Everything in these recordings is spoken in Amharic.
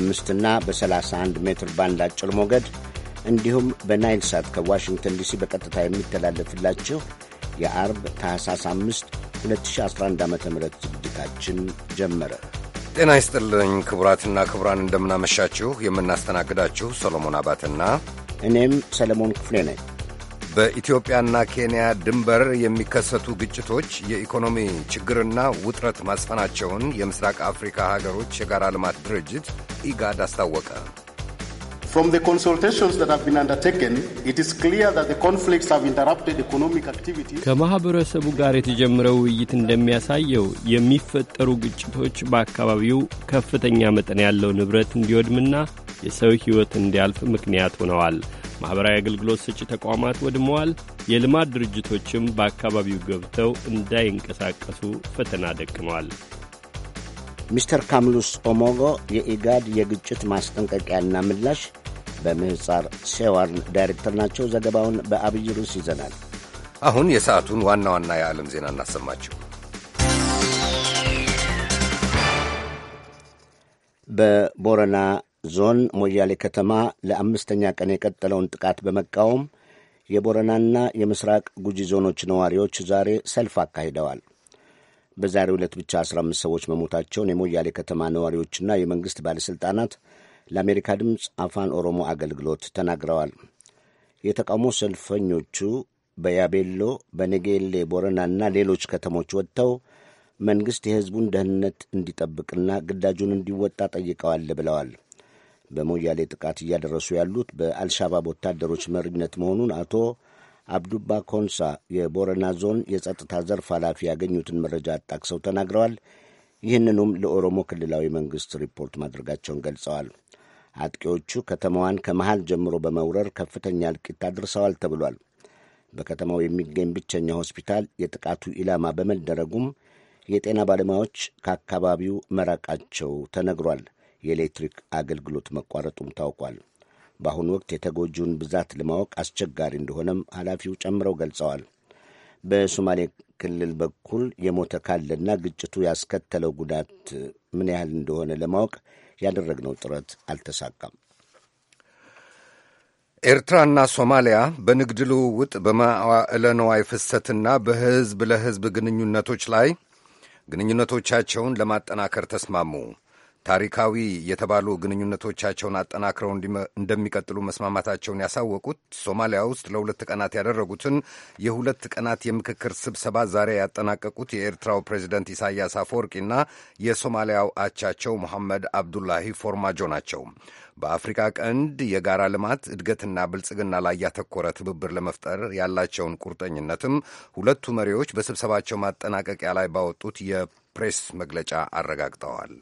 በ25 እና በ31 ሜትር ባንድ አጭር ሞገድ እንዲሁም በናይል ሳት ከዋሽንግተን ዲሲ በቀጥታ የሚተላለፍላችሁ የአርብ ታህሳስ 5 2011 ዓ ም ዝግጅታችን ጀመረ። ጤና ይስጥልኝ ክቡራትና ክቡራን፣ እንደምናመሻችሁ። የምናስተናግዳችሁ ሰሎሞን አባትና እኔም ሰለሞን ክፍሌ ነኝ። በኢትዮጵያና ኬንያ ድንበር የሚከሰቱ ግጭቶች የኢኮኖሚ ችግርና ውጥረት ማስፈናቸውን የምስራቅ አፍሪካ ሀገሮች የጋራ ልማት ድርጅት ኢጋድ አስታወቀ። ከማኅበረሰቡ ጋር የተጀመረው ውይይት እንደሚያሳየው የሚፈጠሩ ግጭቶች በአካባቢው ከፍተኛ መጠን ያለው ንብረት እንዲወድምና የሰው ሕይወት እንዲያልፍ ምክንያት ሆነዋል። ማኅበራዊ አገልግሎት ሰጪ ተቋማት ወድመዋል። የልማት ድርጅቶችም በአካባቢው ገብተው እንዳይንቀሳቀሱ ፈተና ደቅነዋል። ሚስተር ካምሉስ ኦሞጎ የኢጋድ የግጭት ማስጠንቀቂያና ምላሽ በምህፃር ሴዋርን ዳይሬክተር ናቸው። ዘገባውን በአብይ ርዕስ ይዘናል። አሁን የሰዓቱን ዋና ዋና የዓለም ዜና እናሰማችሁ። በቦረና ዞን ሞያሌ ከተማ ለአምስተኛ ቀን የቀጠለውን ጥቃት በመቃወም የቦረናና የምስራቅ ጉጂ ዞኖች ነዋሪዎች ዛሬ ሰልፍ አካሂደዋል። በዛሬ ዕለት ብቻ 15 ሰዎች መሞታቸውን የሞያሌ ከተማ ነዋሪዎችና የመንግሥት ባለሥልጣናት ለአሜሪካ ድምፅ አፋን ኦሮሞ አገልግሎት ተናግረዋል። የተቃውሞ ሰልፈኞቹ በያቤሎ በነጌሌ ቦረናና ሌሎች ከተሞች ወጥተው መንግሥት የሕዝቡን ደህንነት እንዲጠብቅና ግዳጁን እንዲወጣ ጠይቀዋል ብለዋል። በሞያሌ ጥቃት እያደረሱ ያሉት በአልሻባብ ወታደሮች መሪነት መሆኑን አቶ አብዱባ ኮንሳ የቦረና ዞን የጸጥታ ዘርፍ ኃላፊ ያገኙትን መረጃ አጣቅሰው ተናግረዋል። ይህንኑም ለኦሮሞ ክልላዊ መንግሥት ሪፖርት ማድረጋቸውን ገልጸዋል። አጥቂዎቹ ከተማዋን ከመሃል ጀምሮ በመውረር ከፍተኛ እልቂት አድርሰዋል ተብሏል። በከተማው የሚገኝ ብቸኛ ሆስፒታል የጥቃቱ ኢላማ በመደረጉም የጤና ባለሙያዎች ከአካባቢው መራቃቸው ተነግሯል። የኤሌክትሪክ አገልግሎት መቋረጡም ታውቋል። በአሁኑ ወቅት የተጎጂውን ብዛት ለማወቅ አስቸጋሪ እንደሆነም ኃላፊው ጨምረው ገልጸዋል። በሶማሌ ክልል በኩል የሞተ ካለና ግጭቱ ያስከተለው ጉዳት ምን ያህል እንደሆነ ለማወቅ ያደረግነው ጥረት አልተሳካም። ኤርትራና ሶማሊያ በንግድ ልውውጥ፣ በማዋዕለ ነዋይ ፍሰትና በሕዝብ ለሕዝብ ግንኙነቶች ላይ ግንኙነቶቻቸውን ለማጠናከር ተስማሙ። ታሪካዊ የተባሉ ግንኙነቶቻቸውን አጠናክረው እንደሚቀጥሉ መስማማታቸውን ያሳወቁት ሶማሊያ ውስጥ ለሁለት ቀናት ያደረጉትን የሁለት ቀናት የምክክር ስብሰባ ዛሬ ያጠናቀቁት የኤርትራው ፕሬዚደንት ኢሳያስ አፈወርቂና የሶማሊያው አቻቸው መሐመድ አብዱላሂ ፎርማጆ ናቸው። በአፍሪካ ቀንድ የጋራ ልማት እድገትና ብልጽግና ላይ ያተኮረ ትብብር ለመፍጠር ያላቸውን ቁርጠኝነትም ሁለቱ መሪዎች በስብሰባቸው ማጠናቀቂያ ላይ ባወጡት የፕሬስ መግለጫ አረጋግጠዋል።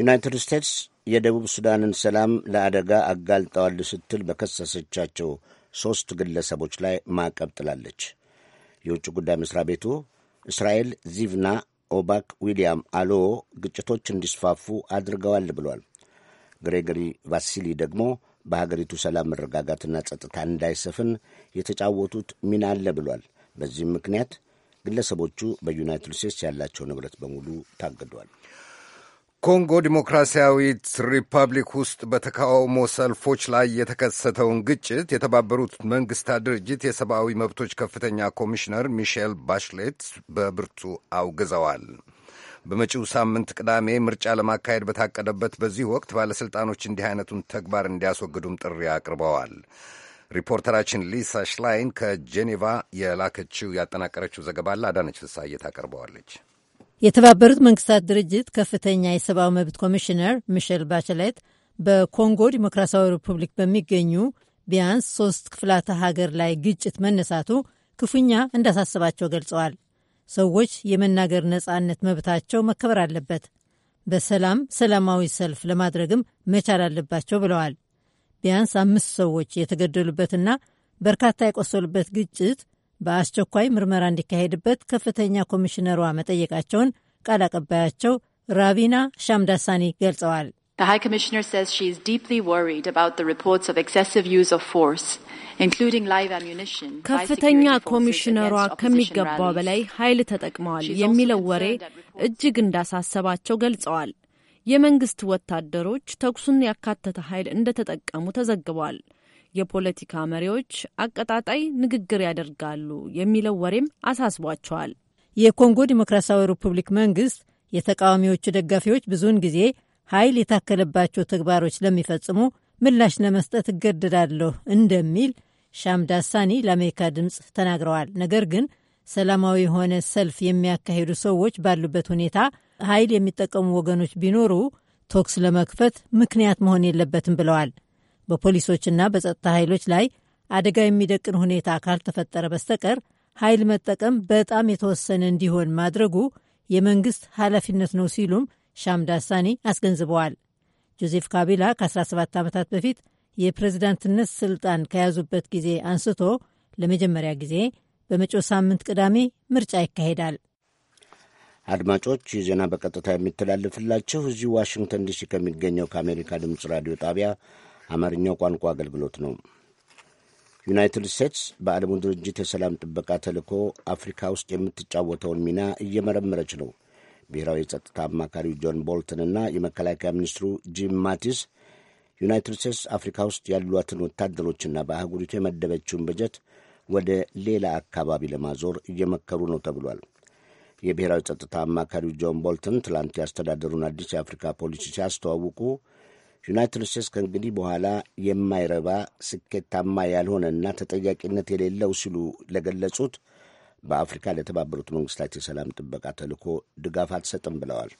ዩናይትድ ስቴትስ የደቡብ ሱዳንን ሰላም ለአደጋ አጋልጠዋል ስትል በከሰሰቻቸው ሦስት ግለሰቦች ላይ ማዕቀብ ጥላለች። የውጭ ጉዳይ መሥሪያ ቤቱ እስራኤል ዚቭና ኦባክ ዊሊያም አሎ ግጭቶች እንዲስፋፉ አድርገዋል ብሏል። ግሬገሪ ቫሲሊ ደግሞ በሀገሪቱ ሰላም መረጋጋትና ጸጥታ እንዳይሰፍን የተጫወቱት ሚና አለ ብሏል። በዚህም ምክንያት ግለሰቦቹ በዩናይትድ ስቴትስ ያላቸው ንብረት በሙሉ ታግዷል። ኮንጎ ዲሞክራሲያዊት ሪፐብሊክ ውስጥ በተቃውሞ ሰልፎች ላይ የተከሰተውን ግጭት የተባበሩት መንግስታት ድርጅት የሰብአዊ መብቶች ከፍተኛ ኮሚሽነር ሚሼል ባሽሌት በብርቱ አውግዘዋል። በመጪው ሳምንት ቅዳሜ ምርጫ ለማካሄድ በታቀደበት በዚህ ወቅት ባለሥልጣኖች እንዲህ አይነቱን ተግባር እንዲያስወግዱም ጥሪ አቅርበዋል። ሪፖርተራችን ሊሳ ሽላይን ከጄኔቫ የላከችው ያጠናቀረችው ዘገባ ለአዳነች ፍሳዬ ታቀርበዋለች። የተባበሩት መንግስታት ድርጅት ከፍተኛ የሰብአዊ መብት ኮሚሽነር ሚሼል ባቸሌት በኮንጎ ዲሞክራሲያዊ ሪፑብሊክ በሚገኙ ቢያንስ ሶስት ክፍላተ ሀገር ላይ ግጭት መነሳቱ ክፉኛ እንዳሳስባቸው ገልጸዋል። ሰዎች የመናገር ነጻነት መብታቸው መከበር አለበት፣ በሰላም ሰላማዊ ሰልፍ ለማድረግም መቻል አለባቸው ብለዋል። ቢያንስ አምስት ሰዎች የተገደሉበትና በርካታ የቆሰሉበት ግጭት በአስቸኳይ ምርመራ እንዲካሄድበት ከፍተኛ ኮሚሽነሯ መጠየቃቸውን ቃል አቀባያቸው ራቪና ሻምዳሳኒ ገልጸዋል። ከፍተኛ ኮሚሽነሯ ከሚገባው በላይ ኃይል ተጠቅመዋል የሚለው ወሬ እጅግ እንዳሳሰባቸው ገልጸዋል። የመንግስት ወታደሮች ተኩሱን ያካተተ ኃይል እንደተጠቀሙ ተዘግቧል። የፖለቲካ መሪዎች አቀጣጣይ ንግግር ያደርጋሉ የሚለው ወሬም አሳስቧቸዋል። የኮንጎ ዲሞክራሲያዊ ሪፑብሊክ መንግስት የተቃዋሚዎቹ ደጋፊዎች ብዙውን ጊዜ ኃይል የታከለባቸው ተግባሮች ለሚፈጽሙ ምላሽ ለመስጠት እገደዳለሁ እንደሚል ሻምዳሳኒ ለአሜሪካ ድምፅ ተናግረዋል። ነገር ግን ሰላማዊ የሆነ ሰልፍ የሚያካሂዱ ሰዎች ባሉበት ሁኔታ ኃይል የሚጠቀሙ ወገኖች ቢኖሩ ተኩስ ለመክፈት ምክንያት መሆን የለበትም ብለዋል። በፖሊሶችና በጸጥታ ኃይሎች ላይ አደጋ የሚደቅን ሁኔታ ካልተፈጠረ በስተቀር ኃይል መጠቀም በጣም የተወሰነ እንዲሆን ማድረጉ የመንግስት ኃላፊነት ነው ሲሉም ሻምዳሳኒ አስገንዝበዋል። ጆዜፍ ካቢላ ከ17 ዓመታት በፊት የፕሬዝዳንትነት ስልጣን ከያዙበት ጊዜ አንስቶ ለመጀመሪያ ጊዜ በመጪው ሳምንት ቅዳሜ ምርጫ ይካሄዳል። አድማጮች ይህ ዜና በቀጥታ የሚተላለፍላቸው እዚህ ዋሽንግተን ዲሲ ከሚገኘው ከአሜሪካ ድምፅ ራዲዮ ጣቢያ አማርኛው ቋንቋ አገልግሎት ነው። ዩናይትድ ስቴትስ በዓለሙ ድርጅት የሰላም ጥበቃ ተልዕኮ አፍሪካ ውስጥ የምትጫወተውን ሚና እየመረመረች ነው። ብሔራዊ የጸጥታ አማካሪው ጆን ቦልተንና የመከላከያ ሚኒስትሩ ጂም ማቲስ ዩናይትድ ስቴትስ አፍሪካ ውስጥ ያሏትን ወታደሮችና በአህጉሪቱ የመደበችውን በጀት ወደ ሌላ አካባቢ ለማዞር እየመከሩ ነው ተብሏል። የብሔራዊ ጸጥታ አማካሪው ጆን ቦልተን ትላንት ያስተዳደሩን አዲስ የአፍሪካ ፖሊሲ ሲያስተዋውቁ ዩናይትድ ስቴትስ ከእንግዲህ በኋላ የማይረባ ስኬታማ ያልሆነና ተጠያቂነት የሌለው ሲሉ ለገለጹት በአፍሪካ ለተባበሩት መንግስታት የሰላም ጥበቃ ተልእኮ ድጋፍ አትሰጥም ብለዋል።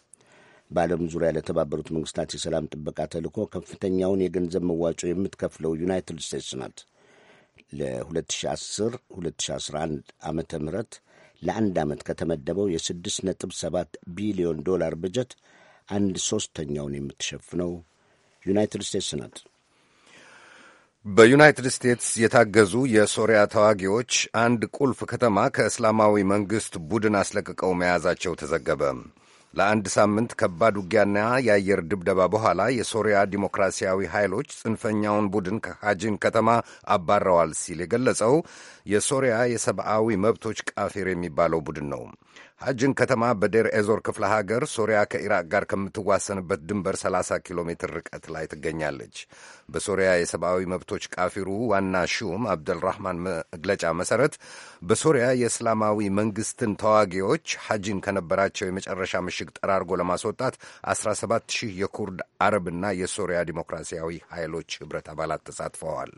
በዓለም ዙሪያ ለተባበሩት መንግስታት የሰላም ጥበቃ ተልእኮ ከፍተኛውን የገንዘብ መዋጮ የምትከፍለው ዩናይትድ ስቴትስ ናት። ለ2010 2011 ዓ ም ለአንድ ዓመት ከተመደበው የ6.7 ቢሊዮን ዶላር በጀት አንድ ሦስተኛውን የምትሸፍነው ዩናይትድ ስቴትስ ናት። በዩናይትድ ስቴትስ የታገዙ የሶሪያ ተዋጊዎች አንድ ቁልፍ ከተማ ከእስላማዊ መንግሥት ቡድን አስለቅቀው መያዛቸው ተዘገበ። ለአንድ ሳምንት ከባድ ውጊያና የአየር ድብደባ በኋላ የሶሪያ ዲሞክራሲያዊ ኃይሎች ጽንፈኛውን ቡድን ከሃጅን ከተማ አባረዋል ሲል የገለጸው የሶሪያ የሰብአዊ መብቶች ቃፊር የሚባለው ቡድን ነው። ሐጅን ከተማ በዴር ኤዞር ክፍለ ሀገር ሶሪያ ከኢራቅ ጋር ከምትዋሰንበት ድንበር 30 ኪሎ ሜትር ርቀት ላይ ትገኛለች። በሶሪያ የሰብአዊ መብቶች ቃፊሩ ዋና ሹም አብደልራህማን መግለጫ መሠረት በሶሪያ የእስላማዊ መንግሥትን ተዋጊዎች ሐጅን ከነበራቸው የመጨረሻ ምሽግ ጠራርጎ ለማስወጣት 17 ሺህ የኩርድ አረብና የሶሪያ ዲሞክራሲያዊ ኃይሎች ኅብረት አባላት ተሳትፈዋል።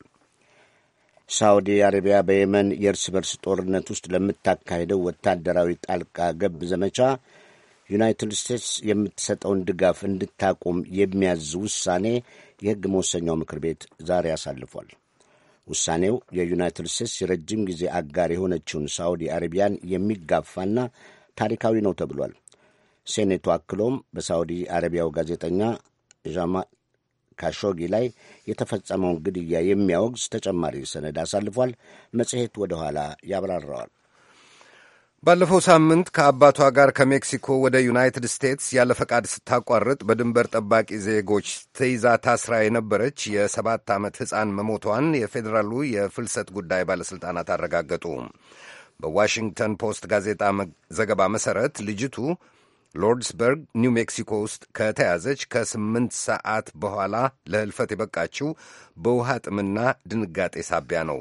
ሳውዲ አረቢያ በየመን የእርስ በርስ ጦርነት ውስጥ ለምታካሄደው ወታደራዊ ጣልቃ ገብ ዘመቻ ዩናይትድ ስቴትስ የምትሰጠውን ድጋፍ እንድታቆም የሚያዝ ውሳኔ የሕግ መወሰኛው ምክር ቤት ዛሬ አሳልፏል። ውሳኔው የዩናይትድ ስቴትስ የረጅም ጊዜ አጋር የሆነችውን ሳውዲ አረቢያን የሚጋፋና ታሪካዊ ነው ተብሏል። ሴኔቱ አክሎም በሳውዲ አረቢያው ጋዜጠኛ ካሾጊ ላይ የተፈጸመውን ግድያ የሚያወግዝ ተጨማሪ ሰነድ አሳልፏል። መጽሔት ወደ ኋላ ያብራራዋል። ባለፈው ሳምንት ከአባቷ ጋር ከሜክሲኮ ወደ ዩናይትድ ስቴትስ ያለ ፈቃድ ስታቋርጥ በድንበር ጠባቂ ዜጎች ተይዛ ታስራ የነበረች የሰባት ዓመት ሕፃን መሞቷን የፌዴራሉ የፍልሰት ጉዳይ ባለሥልጣናት አረጋገጡ። በዋሽንግተን ፖስት ጋዜጣ ዘገባ መሠረት ልጅቱ ሎርድስበርግ ኒው ሜክሲኮ ውስጥ ከተያዘች ከስምንት ሰዓት በኋላ ለህልፈት የበቃችው በውሃ ጥምና ድንጋጤ ሳቢያ ነው።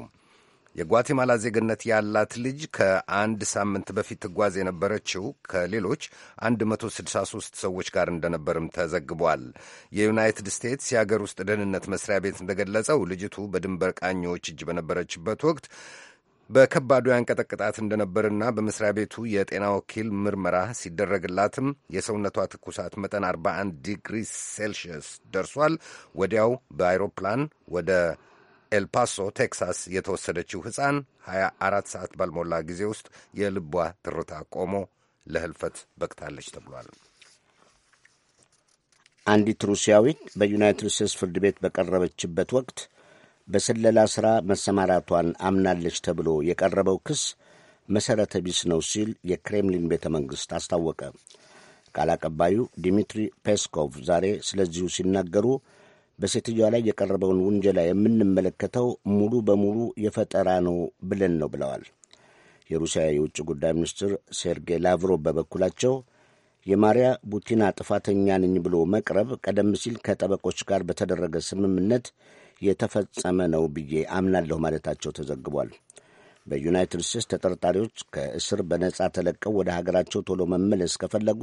የጓቴማላ ዜግነት ያላት ልጅ ከአንድ ሳምንት በፊት ትጓዝ የነበረችው ከሌሎች 163 ሰዎች ጋር እንደነበርም ተዘግቧል። የዩናይትድ ስቴትስ የአገር ውስጥ ደህንነት መስሪያ ቤት እንደገለጸው ልጅቱ በድንበር ቃኞች እጅ በነበረችበት ወቅት በከባዱ ያንቀጠቅጣት እንደነበርና በመስሪያ ቤቱ የጤና ወኪል ምርመራ ሲደረግላትም የሰውነቷ ትኩሳት መጠን 41 ዲግሪ ሴልሺየስ ደርሷል። ወዲያው በአይሮፕላን ወደ ኤልፓሶ ቴክሳስ የተወሰደችው ሕፃን 24 ሰዓት ባልሞላ ጊዜ ውስጥ የልቧ ትርታ ቆሞ ለህልፈት በቅታለች ተብሏል። አንዲት ሩሲያዊት በዩናይትድ ስቴትስ ፍርድ ቤት በቀረበችበት ወቅት በስለላ ሥራ መሰማራቷን አምናለች ተብሎ የቀረበው ክስ መሠረተ ቢስ ነው ሲል የክሬምሊን ቤተ መንግሥት አስታወቀ። ቃል አቀባዩ ዲሚትሪ ፔስኮቭ ዛሬ ስለዚሁ ሲናገሩ በሴትዮዋ ላይ የቀረበውን ውንጀላ የምንመለከተው ሙሉ በሙሉ የፈጠራ ነው ብለን ነው ብለዋል። የሩሲያ የውጭ ጉዳይ ሚኒስትር ሴርጌይ ላቭሮቭ በበኩላቸው የማሪያ ቡቲና ጥፋተኛ ነኝ ብሎ መቅረብ ቀደም ሲል ከጠበቆች ጋር በተደረገ ስምምነት የተፈጸመ ነው ብዬ አምናለሁ ማለታቸው ተዘግቧል። በዩናይትድ ስቴትስ ተጠርጣሪዎች ከእስር በነጻ ተለቀው ወደ ሀገራቸው ቶሎ መመለስ ከፈለጉ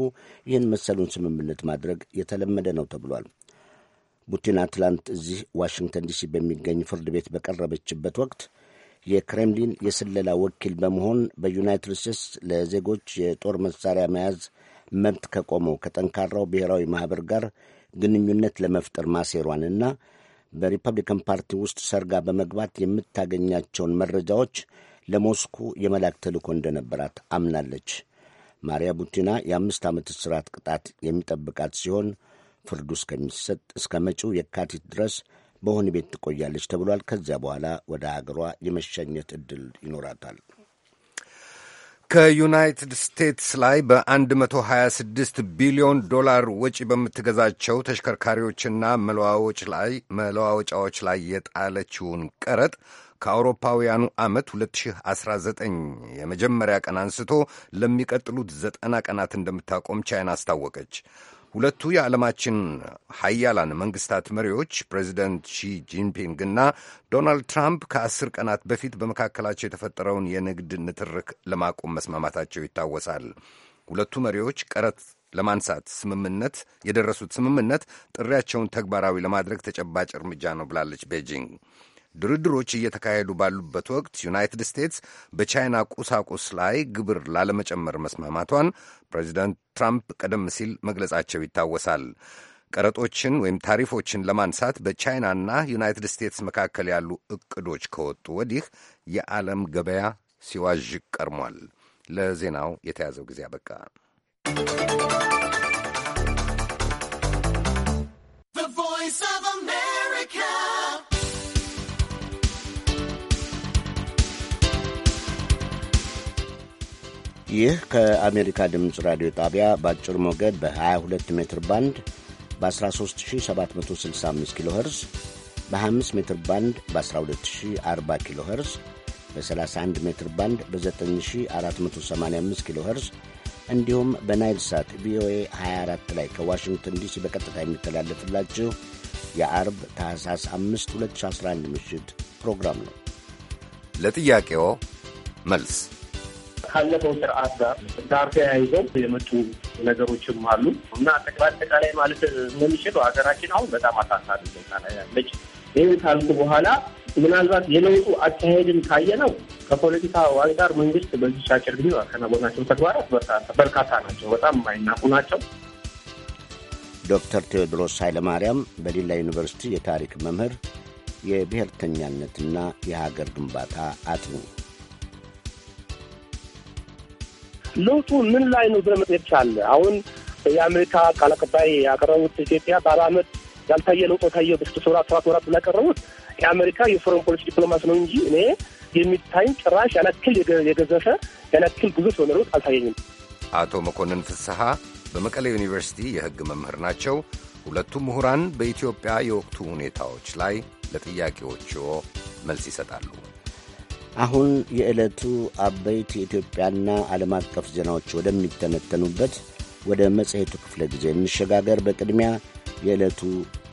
ይህን መሰሉን ስምምነት ማድረግ የተለመደ ነው ተብሏል። ቡቲን አትላንት እዚህ ዋሽንግተን ዲሲ በሚገኝ ፍርድ ቤት በቀረበችበት ወቅት የክሬምሊን የስለላ ወኪል በመሆን በዩናይትድ ስቴትስ ለዜጎች የጦር መሳሪያ መያዝ መብት ከቆመው ከጠንካራው ብሔራዊ ማኅበር ጋር ግንኙነት ለመፍጠር ማሴሯንና በሪፐብሊካን ፓርቲ ውስጥ ሰርጋ በመግባት የምታገኛቸውን መረጃዎች ለሞስኩ የመላክ ተልእኮ እንደነበራት አምናለች። ማሪያ ቡቲና የአምስት ዓመት እስራት ቅጣት የሚጠብቃት ሲሆን ፍርዱ እስከሚሰጥ እስከ መጪው የካቲት ድረስ በሆን ቤት ትቆያለች ተብሏል። ከዚያ በኋላ ወደ ሀገሯ የመሸኘት ዕድል ይኖራታል። ከዩናይትድ ስቴትስ ላይ በ126 ቢሊዮን ዶላር ወጪ በምትገዛቸው ተሽከርካሪዎችና መለዋወጫዎች ላይ የጣለችውን ቀረጥ ከአውሮፓውያኑ ዓመት 2019 የመጀመሪያ ቀን አንስቶ ለሚቀጥሉት ዘጠና ቀናት እንደምታቆም ቻይና አስታወቀች። ሁለቱ የዓለማችን ሀያላን መንግስታት መሪዎች ፕሬዚደንት ሺ እና ዶናልድ ትራምፕ ከአስር ቀናት በፊት በመካከላቸው የተፈጠረውን የንግድ ንትርክ ለማቆም መስማማታቸው ይታወሳል። ሁለቱ መሪዎች ቀረት ለማንሳት ስምምነት የደረሱት ስምምነት ጥሪያቸውን ተግባራዊ ለማድረግ ተጨባጭ እርምጃ ነው ብላለች ቤጂንግ። ድርድሮች እየተካሄዱ ባሉበት ወቅት ዩናይትድ ስቴትስ በቻይና ቁሳቁስ ላይ ግብር ላለመጨመር መስማማቷን ፕሬዚደንት ትራምፕ ቀደም ሲል መግለጻቸው ይታወሳል። ቀረጦችን ወይም ታሪፎችን ለማንሳት በቻይናና ዩናይትድ ስቴትስ መካከል ያሉ እቅዶች ከወጡ ወዲህ የዓለም ገበያ ሲዋዥቅ ቀርሟል። ለዜናው የተያዘው ጊዜ አበቃ። ይህ ከአሜሪካ ድምፅ ራዲዮ ጣቢያ በአጭር ሞገድ በ22 ሜትር ባንድ በ13765 ኪሎ ኸርዝ በ25 ሜትር ባንድ በ1240 ኪሎ ኸርዝ በ31 ሜትር ባንድ በ9485 ኪሎ ኸርዝ እንዲሁም በናይል ሳት ቪኦኤ 24 ላይ ከዋሽንግተን ዲሲ በቀጥታ የሚተላለፍላችሁ የአርብ ታህሳስ 5 2011 ምሽት ፕሮግራም ነው። ለጥያቄዎ መልስ ካለፈው ስርዓት ጋር ጋር ተያይዘው የመጡ ነገሮችም አሉ እና አጠቃላይ ማለት እንደሚችለው ሀገራችን አሁን በጣም አሳሳቢ ያለች። ይህን ካልኩ በኋላ ምናልባት የለውጡ አካሄድን ካየ ነው ከፖለቲካ አንጻር መንግስት በዚህ አጭር ጊዜ ያከናወናቸው ተግባራት በርካታ ናቸው፣ በጣም የማይናቁ ናቸው። ዶክተር ቴዎድሮስ ኃይለማርያም በዲላ ዩኒቨርሲቲ የታሪክ መምህር፣ የብሔርተኛነትና የሀገር ግንባታ አጥኚ ለውጡ ምን ላይ ነው ብለህ መጠየቅ ትችላለህ። አሁን የአሜሪካ ቃል አቀባይ ያቀረቡት ኢትዮጵያ በአራ ዓመት ያልታየ ለውጦ ታየ በስድስት ወራት ሰባት ወራት ላቀረቡት የአሜሪካ የፎረን ፖሊሲ ዲፕሎማሲ ነው እንጂ እኔ የሚታይ ጭራሽ ያናክል የገዘፈ ያናክል ጉዞት የሆነ ለውጥ አልታየኝም። አቶ መኮንን ፍስሐ በመቀሌ ዩኒቨርሲቲ የሕግ መምህር ናቸው። ሁለቱም ምሁራን በኢትዮጵያ የወቅቱ ሁኔታዎች ላይ ለጥያቄዎቹ መልስ ይሰጣሉ። አሁን የዕለቱ አበይት የኢትዮጵያና ዓለም አቀፍ ዜናዎች ወደሚተነተኑበት ወደ መጽሔቱ ክፍለ ጊዜ እንሸጋገር። በቅድሚያ የዕለቱ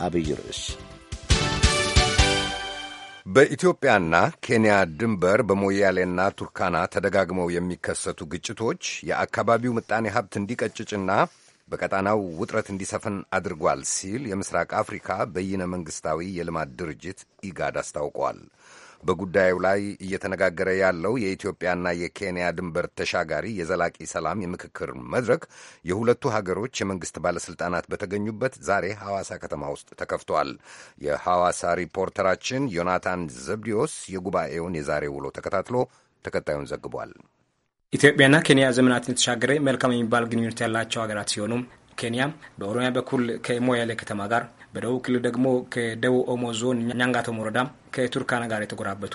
አብይ ርዕስ በኢትዮጵያና ኬንያ ድንበር በሞያሌና ቱርካና ተደጋግመው የሚከሰቱ ግጭቶች የአካባቢው ምጣኔ ሀብት እንዲቀጭጭና በቀጣናው ውጥረት እንዲሰፍን አድርጓል ሲል የምስራቅ አፍሪካ በይነ መንግሥታዊ የልማት ድርጅት ኢጋድ አስታውቋል። በጉዳዩ ላይ እየተነጋገረ ያለው የኢትዮጵያና የኬንያ ድንበር ተሻጋሪ የዘላቂ ሰላም የምክክር መድረክ የሁለቱ ሀገሮች የመንግስት ባለስልጣናት በተገኙበት ዛሬ ሐዋሳ ከተማ ውስጥ ተከፍቷል። የሐዋሳ ሪፖርተራችን ዮናታን ዘብዲዮስ የጉባኤውን የዛሬ ውሎ ተከታትሎ ተከታዩን ዘግቧል። ኢትዮጵያና ኬንያ ዘመናትን የተሻገረ መልካም የሚባል ግንኙነት ያላቸው ሀገራት ሲሆኑ ኬንያ በኦሮሚያ በኩል ከሞያሌ ከተማ ጋር በደቡብ ክልል ደግሞ ከደቡብ ኦሞ ዞን ኛንጋቶም ወረዳ ከቱርካና ጋር የተጎራበቱ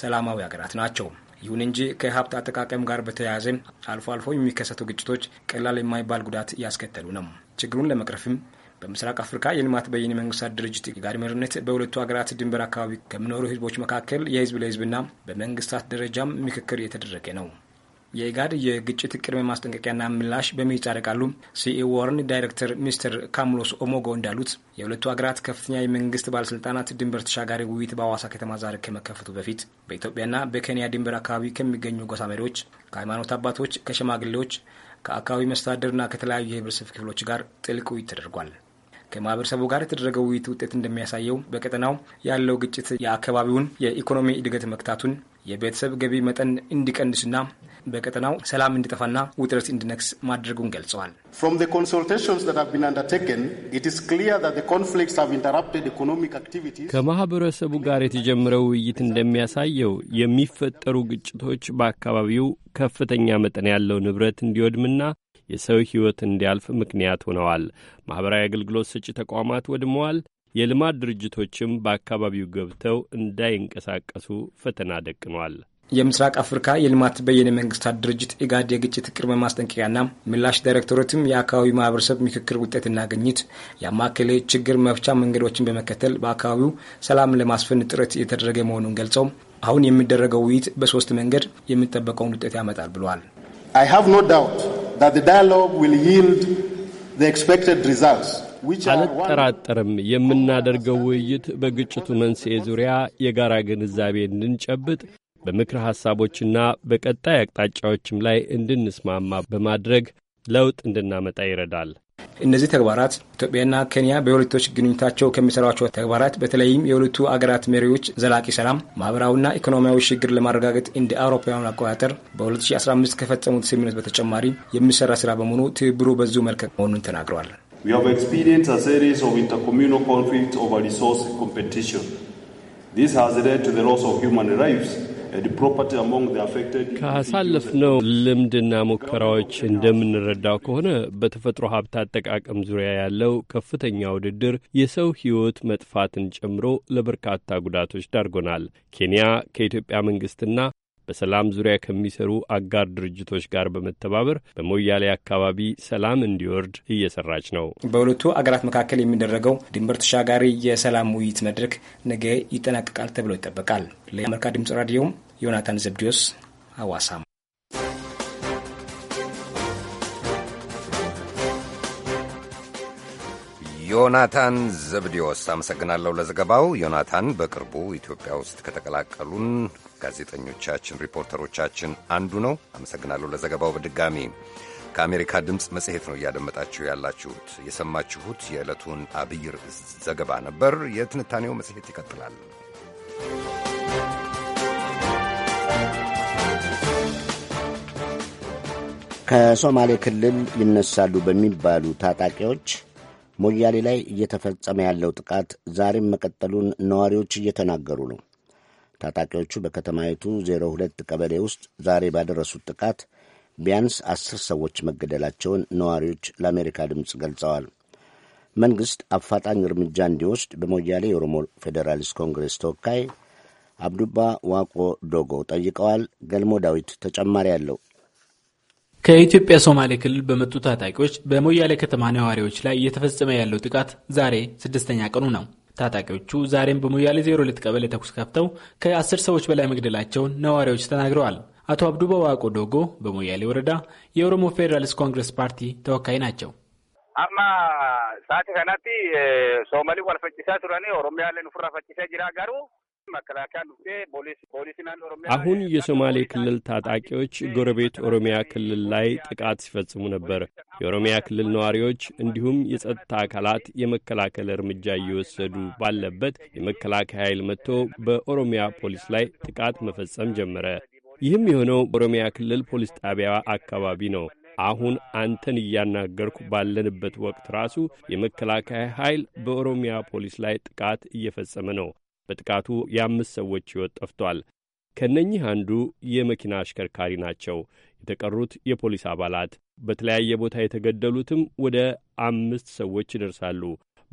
ሰላማዊ ሀገራት ናቸው። ይሁን እንጂ ከሀብት አጠቃቀም ጋር በተያያዘ አልፎ አልፎ የሚከሰቱ ግጭቶች ቀላል የማይባል ጉዳት እያስከተሉ ነው። ችግሩን ለመቅረፍም በምስራቅ አፍሪካ የልማት በይነ መንግስታት ድርጅት ጋድ መሪነት በሁለቱ ሀገራት ድንበር አካባቢ ከሚኖሩ ህዝቦች መካከል የህዝብ ለህዝብና በመንግስታት ደረጃም ምክክር እየተደረገ ነው። የኢጋድ የግጭት ቅድመ ማስጠንቀቂያና ምላሽ በምህጻረ ቃሉ ሲኢወርን ዳይሬክተር ሚስተር ካምሎስ ኦሞጎ እንዳሉት የሁለቱ ሀገራት ከፍተኛ የመንግስት ባለስልጣናት ድንበር ተሻጋሪ ውይይት በአዋሳ ከተማ ዛሬ ከመከፈቱ በፊት በኢትዮጵያና በኬንያ ድንበር አካባቢ ከሚገኙ ጎሳ መሪዎች፣ ከሃይማኖት አባቶች፣ ከሽማግሌዎች፣ ከአካባቢ መስተዳደርና ከተለያዩ የህብረተሰብ ክፍሎች ጋር ጥልቅ ውይይት ተደርጓል። ከማህበረሰቡ ጋር የተደረገው ውይይት ውጤት እንደሚያሳየው በቀጠናው ያለው ግጭት የአካባቢውን የኢኮኖሚ እድገት መክታቱን፣ የቤተሰብ ገቢ መጠን እንዲቀንስና በቀጠናው ሰላም እንዲጠፋና ውጥረት እንዲነግስ ማድረጉን ገልጸዋል። ከማህበረሰቡ ጋር የተጀመረው ውይይት እንደሚያሳየው የሚፈጠሩ ግጭቶች በአካባቢው ከፍተኛ መጠን ያለው ንብረት እንዲወድምና የሰው ሕይወት እንዲያልፍ ምክንያት ሆነዋል። ማኅበራዊ አገልግሎት ሰጪ ተቋማት ወድመዋል። የልማት ድርጅቶችም በአካባቢው ገብተው እንዳይንቀሳቀሱ ፈተና ደቅኗል። የምስራቅ አፍሪካ የልማት በየነ መንግስታት ድርጅት ኢጋድ የግጭት ቅድመ ማስጠንቀቂያና ምላሽ ዳይሬክቶሬትም የአካባቢው ማህበረሰብ ምክክር ውጤትና ግኝት ያማከለ ችግር መፍቻ መንገዶችን በመከተል በአካባቢው ሰላም ለማስፈን ጥረት የተደረገ መሆኑን ገልጸው አሁን የሚደረገው ውይይት በሶስት መንገድ የሚጠበቀውን ውጤት ያመጣል ብለዋል። አልጠራጠርም የምናደርገው ውይይት በግጭቱ መንስኤ ዙሪያ የጋራ ግንዛቤ እንድንጨብጥ በምክር ሐሳቦችና በቀጣይ አቅጣጫዎችም ላይ እንድንስማማ በማድረግ ለውጥ እንድናመጣ ይረዳል። እነዚህ ተግባራት ኢትዮጵያና ኬንያ በሁለቶች ግንኙታቸው ከሚሰሯቸው ተግባራት በተለይም የሁለቱ አገራት መሪዎች ዘላቂ ሰላም፣ ማህበራዊና ኢኮኖሚያዊ ሽግግር ለማረጋገጥ እንደ አውሮፓውያኑ አቆጣጠር በ2015 ከፈጸሙት ስምምነት በተጨማሪ የሚሰራ ስራ በመሆኑ ትብብሩ በዚሁ መልክ መሆኑን ተናግረዋል። ሪሶርስ Uh, ካሳለፍነው ልምድና ሙከራዎች እንደምንረዳው ከሆነ በተፈጥሮ ሀብት አጠቃቀም ዙሪያ ያለው ከፍተኛ ውድድር የሰው ሕይወት መጥፋትን ጨምሮ ለበርካታ ጉዳቶች ዳርጎናል። ኬንያ ከኢትዮጵያ መንግስትና በሰላም ዙሪያ ከሚሰሩ አጋር ድርጅቶች ጋር በመተባበር በሞያሌ አካባቢ ሰላም እንዲወርድ እየሰራች ነው። በሁለቱ አገራት መካከል የሚደረገው ድንበር ተሻጋሪ የሰላም ውይይት መድረክ ነገ ይጠናቀቃል ተብሎ ይጠበቃል። ለአሜሪካ ድምጽ ራዲዮም ዮናታን ዘብዲዮስ አዋሳም ዮናታን ዘብዲዎስ አመሰግናለሁ ለዘገባው። ዮናታን በቅርቡ ኢትዮጵያ ውስጥ ከተቀላቀሉን ጋዜጠኞቻችን፣ ሪፖርተሮቻችን አንዱ ነው። አመሰግናለሁ ለዘገባው በድጋሚ። ከአሜሪካ ድምፅ መጽሔት ነው እያደመጣችሁ ያላችሁት። የሰማችሁት የዕለቱን አብይ ርዕስ ዘገባ ነበር። የትንታኔው መጽሔት ይቀጥላል። ከሶማሌ ክልል ይነሳሉ በሚባሉ ታጣቂዎች ሞያሌ ላይ እየተፈጸመ ያለው ጥቃት ዛሬም መቀጠሉን ነዋሪዎች እየተናገሩ ነው። ታጣቂዎቹ በከተማይቱ 02 ቀበሌ ውስጥ ዛሬ ባደረሱት ጥቃት ቢያንስ አስር ሰዎች መገደላቸውን ነዋሪዎች ለአሜሪካ ድምፅ ገልጸዋል። መንግሥት አፋጣኝ እርምጃ እንዲወስድ በሞያሌ የኦሮሞ ፌዴራሊስት ኮንግሬስ ተወካይ አብዱባ ዋቆ ዶጎ ጠይቀዋል። ገልሞ ዳዊት ተጨማሪ አለው። ከኢትዮጵያ ሶማሌ ክልል በመጡ ታጣቂዎች በሞያሌ ከተማ ነዋሪዎች ላይ እየተፈጸመ ያለው ጥቃት ዛሬ ስድስተኛ ቀኑ ነው። ታጣቂዎቹ ዛሬም በሞያሌ ዜሮ ሁለት ቀበሌ ተኩስ ከፍተው ከአስር ሰዎች በላይ መግደላቸውን ነዋሪዎች ተናግረዋል። አቶ አብዱ በዋቆ ዶጎ በሞያሌ ወረዳ የኦሮሞ ፌዴራሊስት ኮንግረስ ፓርቲ ተወካይ ናቸው። አማ ሰዓት ከናቲ ሶማሌ ወልፈጭሳ ቱራኒ ኦሮሚያ ለን ፈጭሳ ጅራ ጋሩ አሁን የሶማሌ ክልል ታጣቂዎች ጎረቤት ኦሮሚያ ክልል ላይ ጥቃት ሲፈጽሙ ነበር። የኦሮሚያ ክልል ነዋሪዎች እንዲሁም የጸጥታ አካላት የመከላከል እርምጃ እየወሰዱ ባለበት የመከላከያ ኃይል መጥቶ በኦሮሚያ ፖሊስ ላይ ጥቃት መፈጸም ጀመረ። ይህም የሆነው በኦሮሚያ ክልል ፖሊስ ጣቢያ አካባቢ ነው። አሁን አንተን እያናገርኩ ባለንበት ወቅት ራሱ የመከላከያ ኃይል በኦሮሚያ ፖሊስ ላይ ጥቃት እየፈጸመ ነው። በጥቃቱ የአምስት ሰዎች ሕይወት ጠፍቷል። ከእነኚህ አንዱ የመኪና አሽከርካሪ ናቸው። የተቀሩት የፖሊስ አባላት በተለያየ ቦታ የተገደሉትም ወደ አምስት ሰዎች ይደርሳሉ።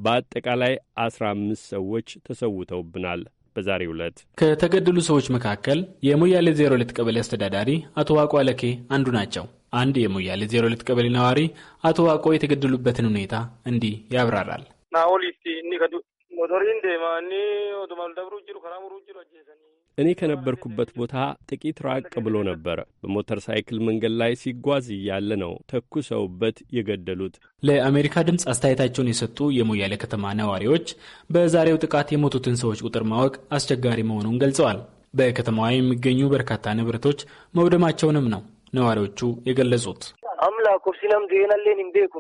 በአጠቃላይ አስራ አምስት ሰዎች ተሰውተውብናል። በዛሬው ዕለት ከተገደሉ ሰዎች መካከል የሞያሌ ዜሮ ሁለት ቀበሌ አስተዳዳሪ አቶ ዋቆ አለኬ አንዱ ናቸው። አንድ የሞያሌ ዜሮ ሁለት ቀበሌ ነዋሪ አቶ ዋቆ የተገደሉበትን ሁኔታ እንዲህ ያብራራል። እኔ ከነበርኩበት ቦታ ጥቂት ራቅ ብሎ ነበር። በሞተር ሳይክል መንገድ ላይ ሲጓዝ እያለ ነው ተኩሰውበት የገደሉት። ለአሜሪካ ድምፅ አስተያየታቸውን የሰጡ የሞያሌ ከተማ ነዋሪዎች በዛሬው ጥቃት የሞቱትን ሰዎች ቁጥር ማወቅ አስቸጋሪ መሆኑን ገልጸዋል። በከተማዋ የሚገኙ በርካታ ንብረቶች መውደማቸውንም ነው ነዋሪዎቹ የገለጹት። am ላኮብሲናም ዜናለን ሂምቤኩ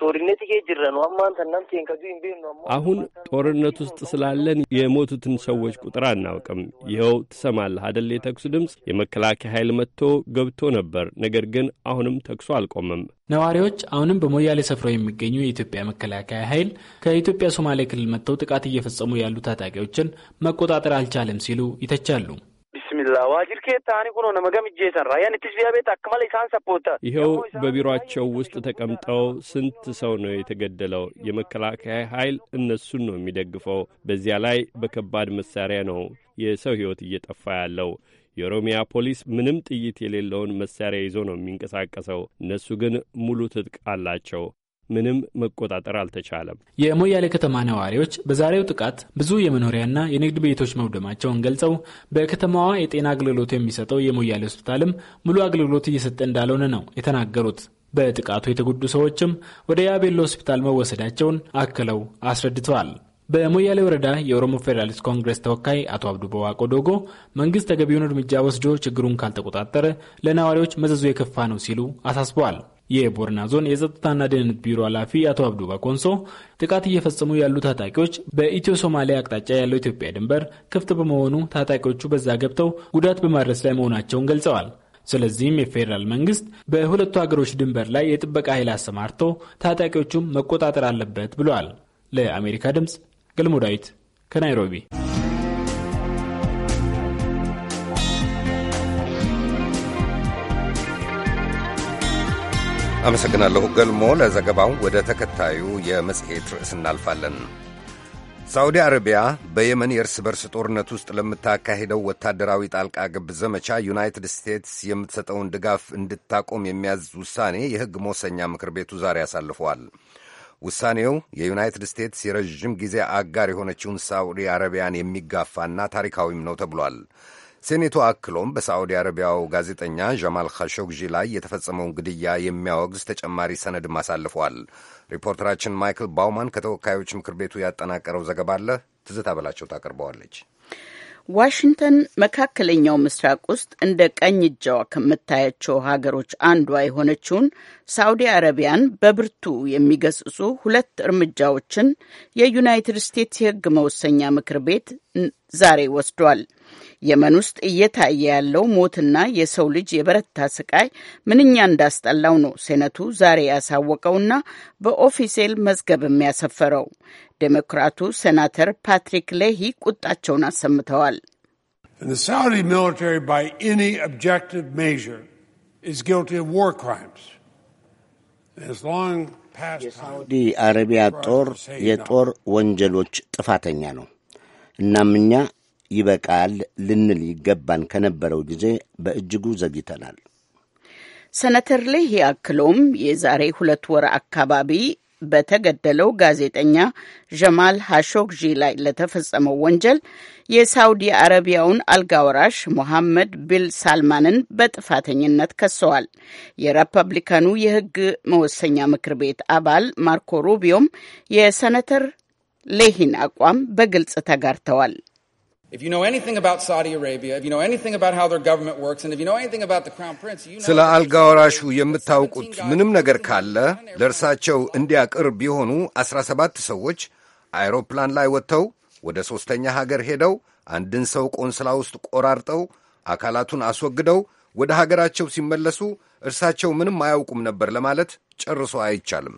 ጦርነት ኬ ጅረ ነው አማን ተናም ቴንከዱ ሂምቤ ነው አሁን ጦርነት ውስጥ ስላለን የሞቱትን ሰዎች ቁጥር አናውቅም። ይኸው ትሰማለህ አደል? የተኩስ ድምፅ የመከላከያ ኃይል መጥቶ ገብቶ ነበር። ነገር ግን አሁንም ተኩሱ አልቆምም። ነዋሪዎች አሁንም በሞያሌ ሰፍረው የሚገኙ የኢትዮጵያ መከላከያ ኃይል ከኢትዮጵያ ሶማሌ ክልል መጥተው ጥቃት እየፈጸሙ ያሉ ታጣቂዎችን መቆጣጠር አልቻለም ሲሉ ይተቻሉ። ዋጅልኬታ አኒ ኩኖ ነመ ገምጄሰን ራያን ኢትስቢያ ቤት አክመለ ኢሳን ሰፖርታ ይኸው በቢሮአቸው ውስጥ ተቀምጠው ስንት ሰው ነው የተገደለው? የመከላከያ ኃይል እነሱን ነው የሚደግፈው። በዚያ ላይ በከባድ መሳሪያ ነው የሰው ሕይወት እየጠፋ ያለው። የኦሮሚያ ፖሊስ ምንም ጥይት የሌለውን መሳሪያ ይዞ ነው የሚንቀሳቀሰው። እነሱ ግን ሙሉ ትጥቅ አላቸው። ምንም መቆጣጠር አልተቻለም። የሞያሌ ከተማ ነዋሪዎች በዛሬው ጥቃት ብዙ የመኖሪያና የንግድ ቤቶች መውደማቸውን ገልጸው በከተማዋ የጤና አገልግሎት የሚሰጠው የሞያሌ ሆስፒታልም ሙሉ አገልግሎት እየሰጠ እንዳልሆነ ነው የተናገሩት። በጥቃቱ የተጎዱ ሰዎችም ወደ ያቤሎ ሆስፒታል መወሰዳቸውን አክለው አስረድተዋል። በሞያሌ ወረዳ የኦሮሞ ፌዴራሊስት ኮንግረስ ተወካይ አቶ አብዱ በዋቆ ዶጎ መንግስት ተገቢውን እርምጃ ወስዶ ችግሩን ካልተቆጣጠረ ለነዋሪዎች መዘዙ የከፋ ነው ሲሉ አሳስበዋል። የቦርና ዞን የጸጥታና ደህንነት ቢሮ ኃላፊ አቶ አብዱባ ኮንሶ ጥቃት እየፈጸሙ ያሉ ታጣቂዎች በኢትዮ ሶማሊያ አቅጣጫ ያለው ኢትዮጵያ ድንበር ክፍት በመሆኑ ታጣቂዎቹ በዛ ገብተው ጉዳት በማድረስ ላይ መሆናቸውን ገልጸዋል። ስለዚህም የፌዴራል መንግስት በሁለቱ ሀገሮች ድንበር ላይ የጥበቃ ኃይል አሰማርቶ ታጣቂዎቹም መቆጣጠር አለበት ብለዋል። ለአሜሪካ ድምፅ ገልሞዳዊት ከናይሮቢ አመሰግናለሁ ገልሞ ለዘገባው። ወደ ተከታዩ የመጽሔት ርዕስ እናልፋለን። ሳዑዲ አረቢያ በየመን የእርስ በርስ ጦርነት ውስጥ ለምታካሂደው ወታደራዊ ጣልቃ ግብ ዘመቻ ዩናይትድ ስቴትስ የምትሰጠውን ድጋፍ እንድታቆም የሚያዝ ውሳኔ የሕግ መወሰኛ ምክር ቤቱ ዛሬ አሳልፈዋል። ውሳኔው የዩናይትድ ስቴትስ የረዥም ጊዜ አጋር የሆነችውን ሳዑዲ አረቢያን የሚጋፋና ታሪካዊም ነው ተብሏል። ሴኔቱ አክሎም በሳዑዲ አረቢያው ጋዜጠኛ ዣማል ካሾግዢ ላይ የተፈጸመውን ግድያ የሚያወግዝ ተጨማሪ ሰነድም አሳልፏል። ሪፖርተራችን ማይክል ባውማን ከተወካዮች ምክር ቤቱ ያጠናቀረው ዘገባ አለ። ትዝታ በላቸው ታቀርበዋለች። ዋሽንግተን መካከለኛው ምስራቅ ውስጥ እንደ ቀኝ እጃዋ ከምታያቸው ሀገሮች አንዷ የሆነችውን ሳውዲ አረቢያን በብርቱ የሚገስጹ ሁለት እርምጃዎችን የዩናይትድ ስቴትስ የሕግ መወሰኛ ምክር ቤት ዛሬ ወስዷል። የመን ውስጥ እየታየ ያለው ሞትና የሰው ልጅ የበረታ ስቃይ ምንኛ እንዳስጠላው ነው ሴነቱ ዛሬ ያሳወቀውና በኦፊሴል መዝገብም ያሰፈረው። ዴሞክራቱ ሴናተር ፓትሪክ ሌሂ ቁጣቸውን አሰምተዋል። የሳዑዲ አረቢያ ጦር የጦር ወንጀሎች ጥፋተኛ ነው። እናም እኛ ይበቃል ልንል ይገባን ከነበረው ጊዜ በእጅጉ ዘግይተናል። ሰነተር ሌህ ያክሎም የዛሬ ሁለት ወር አካባቢ በተገደለው ጋዜጠኛ ጀማል ሃሾግዢ ላይ ለተፈጸመው ወንጀል የሳውዲ አረቢያውን አልጋወራሽ ሞሐመድ ቢል ሳልማንን በጥፋተኝነት ከሰዋል። የሪፐብሊካኑ የሕግ መወሰኛ ምክር ቤት አባል ማርኮ ሩቢዮም የሰነተር ሌሂን አቋም በግልጽ ተጋርተዋል። ስለ አልጋ ወራሹ የምታውቁት ምንም ነገር ካለ ለእርሳቸው እንዲያቅርብ የሆኑ 17 ሰዎች አይሮፕላን ላይ ወጥተው ወደ ሦስተኛ ሀገር ሄደው አንድን ሰው ቆንስላ ውስጥ ቆራርጠው አካላቱን አስወግደው ወደ ሀገራቸው ሲመለሱ እርሳቸው ምንም አያውቁም ነበር ለማለት ጨርሶ አይቻልም።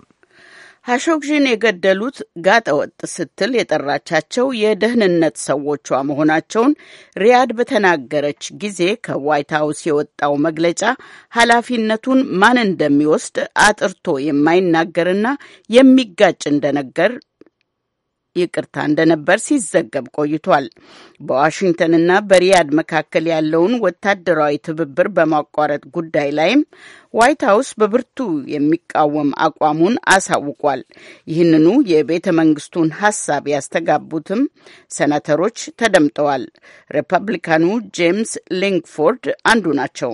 ሐሾግዢን የገደሉት ጋጠወጥ ስትል የጠራቻቸው የደህንነት ሰዎቿ መሆናቸውን ሪያድ በተናገረች ጊዜ ከዋይት ሀውስ የወጣው መግለጫ ኃላፊነቱን ማን እንደሚወስድ አጥርቶ የማይናገርና የሚጋጭ እንደነገር ይቅርታ እንደነበር ሲዘገብ ቆይቷል። በዋሽንግተንና በሪያድ መካከል ያለውን ወታደራዊ ትብብር በማቋረጥ ጉዳይ ላይም ዋይት ሀውስ በብርቱ የሚቃወም አቋሙን አሳውቋል። ይህንኑ የቤተ መንግስቱን ሀሳብ ያስተጋቡትም ሰናተሮች ተደምጠዋል። ሪፐብሊካኑ ጄምስ ሊንክፎርድ አንዱ ናቸው።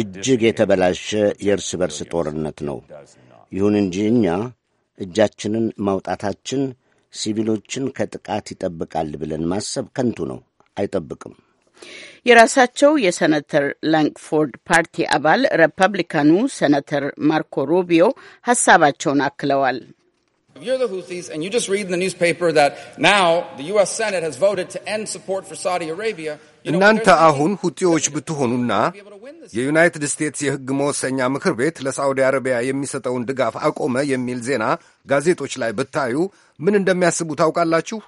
እጅግ የተበላሸ የእርስ በርስ ጦርነት ነው። ይሁን እንጂ እኛ እጃችንን ማውጣታችን ሲቪሎችን ከጥቃት ይጠብቃል ብለን ማሰብ ከንቱ ነው፣ አይጠብቅም። የራሳቸው የሰነተር ላንክፎርድ ፓርቲ አባል ሪፐብሊካኑ ሰነተር ማርኮ ሩቢዮ ሀሳባቸውን አክለዋል። እናንተ አሁን ሁጢዎች ብትሆኑና የዩናይትድ ስቴትስ የሕግ መወሰኛ ምክር ቤት ለሳዑዲ አረቢያ የሚሰጠውን ድጋፍ አቆመ የሚል ዜና ጋዜጦች ላይ ብታዩ ምን እንደሚያስቡ ታውቃላችሁ?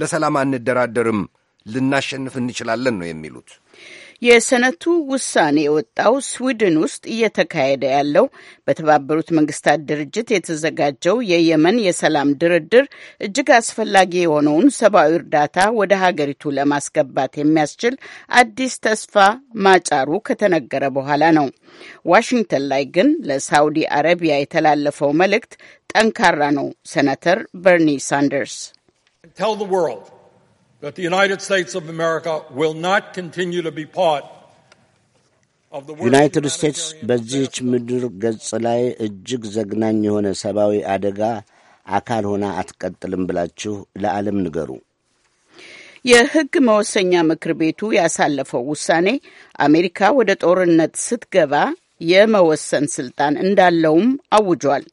ለሰላም አንደራደርም፣ ልናሸንፍ እንችላለን ነው የሚሉት። የሰነቱ ውሳኔ የወጣው ስዊድን ውስጥ እየተካሄደ ያለው በተባበሩት መንግስታት ድርጅት የተዘጋጀው የየመን የሰላም ድርድር እጅግ አስፈላጊ የሆነውን ሰብአዊ እርዳታ ወደ ሀገሪቱ ለማስገባት የሚያስችል አዲስ ተስፋ ማጫሩ ከተነገረ በኋላ ነው። ዋሽንግተን ላይ ግን ለሳውዲ አረቢያ የተላለፈው መልእክት ጠንካራ ነው። ሴናተር በርኒ ሳንደርስ that the United States of America will not continue to be part of the ዩናይትድ ስቴትስ በዚህች ምድር ገጽ ላይ እጅግ ዘግናኝ የሆነ ሰብአዊ አደጋ አካል ሆና አትቀጥልም ብላችሁ ለዓለም ንገሩ። የሕግ መወሰኛ ምክር ቤቱ ያሳለፈው ውሳኔ አሜሪካ ወደ ጦርነት ስትገባ የመወሰን ስልጣን እንዳለውም አውጇል።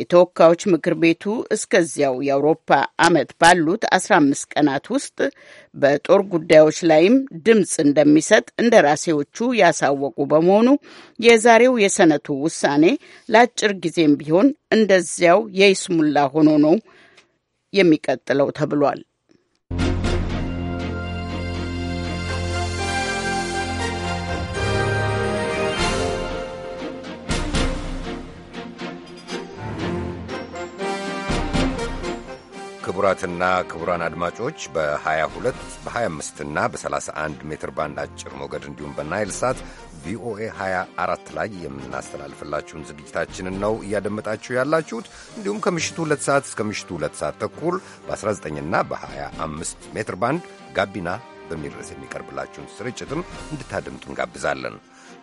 የተወካዮች ምክር ቤቱ እስከዚያው የአውሮፓ ዓመት ባሉት 15 ቀናት ውስጥ በጦር ጉዳዮች ላይም ድምፅ እንደሚሰጥ እንደራሴዎቹ ያሳወቁ በመሆኑ የዛሬው የሰነቱ ውሳኔ ለአጭር ጊዜም ቢሆን እንደዚያው የይስሙላ ሆኖ ነው የሚቀጥለው ተብሏል። ክቡራትና ክቡራን አድማጮች በ22 በ25 እና በ31 ሜትር ባንድ አጭር ሞገድ እንዲሁም በናይል ሳት ቪኦኤ 24 ላይ የምናስተላልፍላችሁን ዝግጅታችንን ነው እያደመጣችሁ ያላችሁት። እንዲሁም ከምሽቱ 2 ሰዓት እስከ ምሽቱ 2 ሰዓት ተኩል በ19ና በ25 ሜትር ባንድ ጋቢና በሚል ርዕስ የሚቀርብላችሁን ስርጭትም እንድታደምጡ እንጋብዛለን።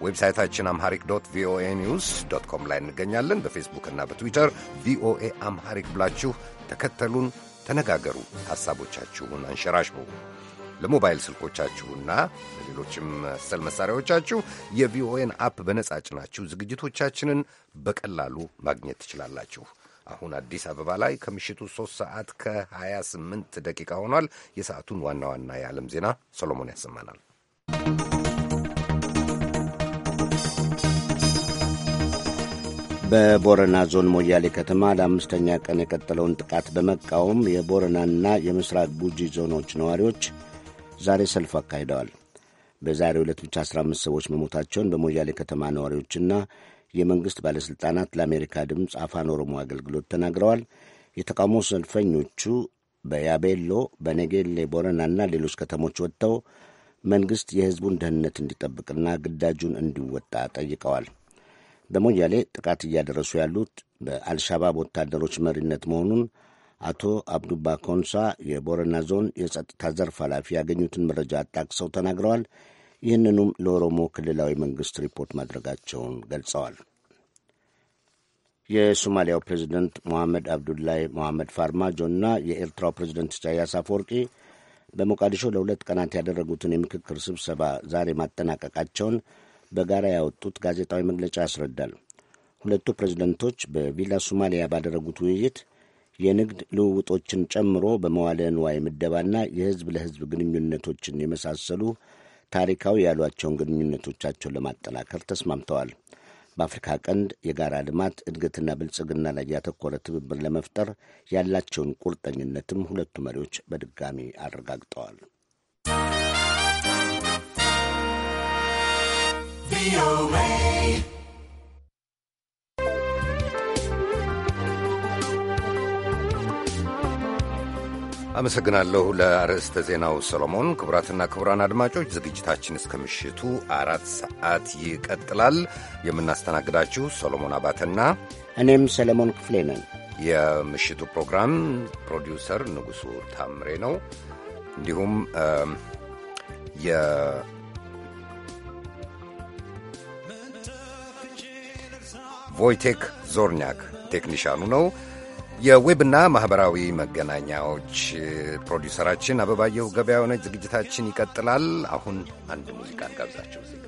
ዌብሳይታችን አምሃሪክ ዶት ቪኦኤ ኒውስ ዶት ኮም ላይ እንገኛለን። በፌስቡክ እና በትዊተር ቪኦኤ አምሃሪክ ብላችሁ ተከተሉን፣ ተነጋገሩ፣ ሐሳቦቻችሁን አንሸራሽቡ። ለሞባይል ስልኮቻችሁና ለሌሎችም መሰል መሣሪያዎቻችሁ የቪኦኤን አፕ በነጻ ጭናችሁ ዝግጅቶቻችንን በቀላሉ ማግኘት ትችላላችሁ። አሁን አዲስ አበባ ላይ ከምሽቱ 3 ሰዓት ከ28 ደቂቃ ሆኗል። የሰዓቱን ዋና ዋና የዓለም ዜና ሰሎሞን ያሰማናል። በቦረና ዞን ሞያሌ ከተማ ለአምስተኛ ቀን የቀጠለውን ጥቃት በመቃወም የቦረናና የምስራቅ ጉጂ ዞኖች ነዋሪዎች ዛሬ ሰልፍ አካሂደዋል። በዛሬ ዕለት ብቻ 15 ሰዎች መሞታቸውን በሞያሌ ከተማ ነዋሪዎችና የመንግሥት ባለሥልጣናት ለአሜሪካ ድምፅ አፋን ኦሮሞ አገልግሎት ተናግረዋል። የተቃውሞ ሰልፈኞቹ በያቤሎ በነጌሌ ቦረናና ሌሎች ከተሞች ወጥተው መንግሥት የሕዝቡን ደህንነት እንዲጠብቅና ግዳጁን እንዲወጣ ጠይቀዋል። በሞያሌ ጥቃት እያደረሱ ያሉት በአልሻባብ ወታደሮች መሪነት መሆኑን አቶ አብዱባ ኮንሳ የቦረና ዞን የጸጥታ ዘርፍ ኃላፊ ያገኙትን መረጃ አጣቅሰው ተናግረዋል። ይህንኑም ለኦሮሞ ክልላዊ መንግሥት ሪፖርት ማድረጋቸውን ገልጸዋል። የሶማሊያው ፕሬዚደንት ሞሐመድ አብዱላይ ሞሐመድ እና የኤርትራው ፕሬዚደንት ኢሳያስ አፈወርቂ በሞቃዲሾ ለሁለት ቀናት ያደረጉትን የምክክር ስብሰባ ዛሬ ማጠናቀቃቸውን በጋራ ያወጡት ጋዜጣዊ መግለጫ ያስረዳል። ሁለቱ ፕሬዝደንቶች በቪላ ሱማሊያ ባደረጉት ውይይት የንግድ ልውውጦችን ጨምሮ በመዋለ ንዋይ ምደባና የሕዝብ ለሕዝብ ግንኙነቶችን የመሳሰሉ ታሪካዊ ያሏቸውን ግንኙነቶቻቸውን ለማጠናከር ተስማምተዋል። በአፍሪካ ቀንድ የጋራ ልማት እድገትና ብልጽግና ላይ ያተኮረ ትብብር ለመፍጠር ያላቸውን ቁርጠኝነትም ሁለቱ መሪዎች በድጋሚ አረጋግጠዋል። አመሰግናለሁ ለአርዕስተ ዜናው ሰሎሞን። ክቡራትና ክቡራን አድማጮች ዝግጅታችን እስከ ምሽቱ አራት ሰዓት ይቀጥላል። የምናስተናግዳችሁ ሰሎሞን አባተና እኔም ሰለሞን ክፍሌ ነን። የምሽቱ ፕሮግራም ፕሮዲውሰር ንጉሡ ታምሬ ነው። እንዲሁም ቮይቴክ ዞርኛክ ቴክኒሻኑ ነው። የዌብና ማኅበራዊ መገናኛዎች ፕሮዲውሰራችን አበባየሁ ገበያ የሆነች። ዝግጅታችን ይቀጥላል። አሁን አንድ ሙዚቃን ጋብዛቸው ዜጋ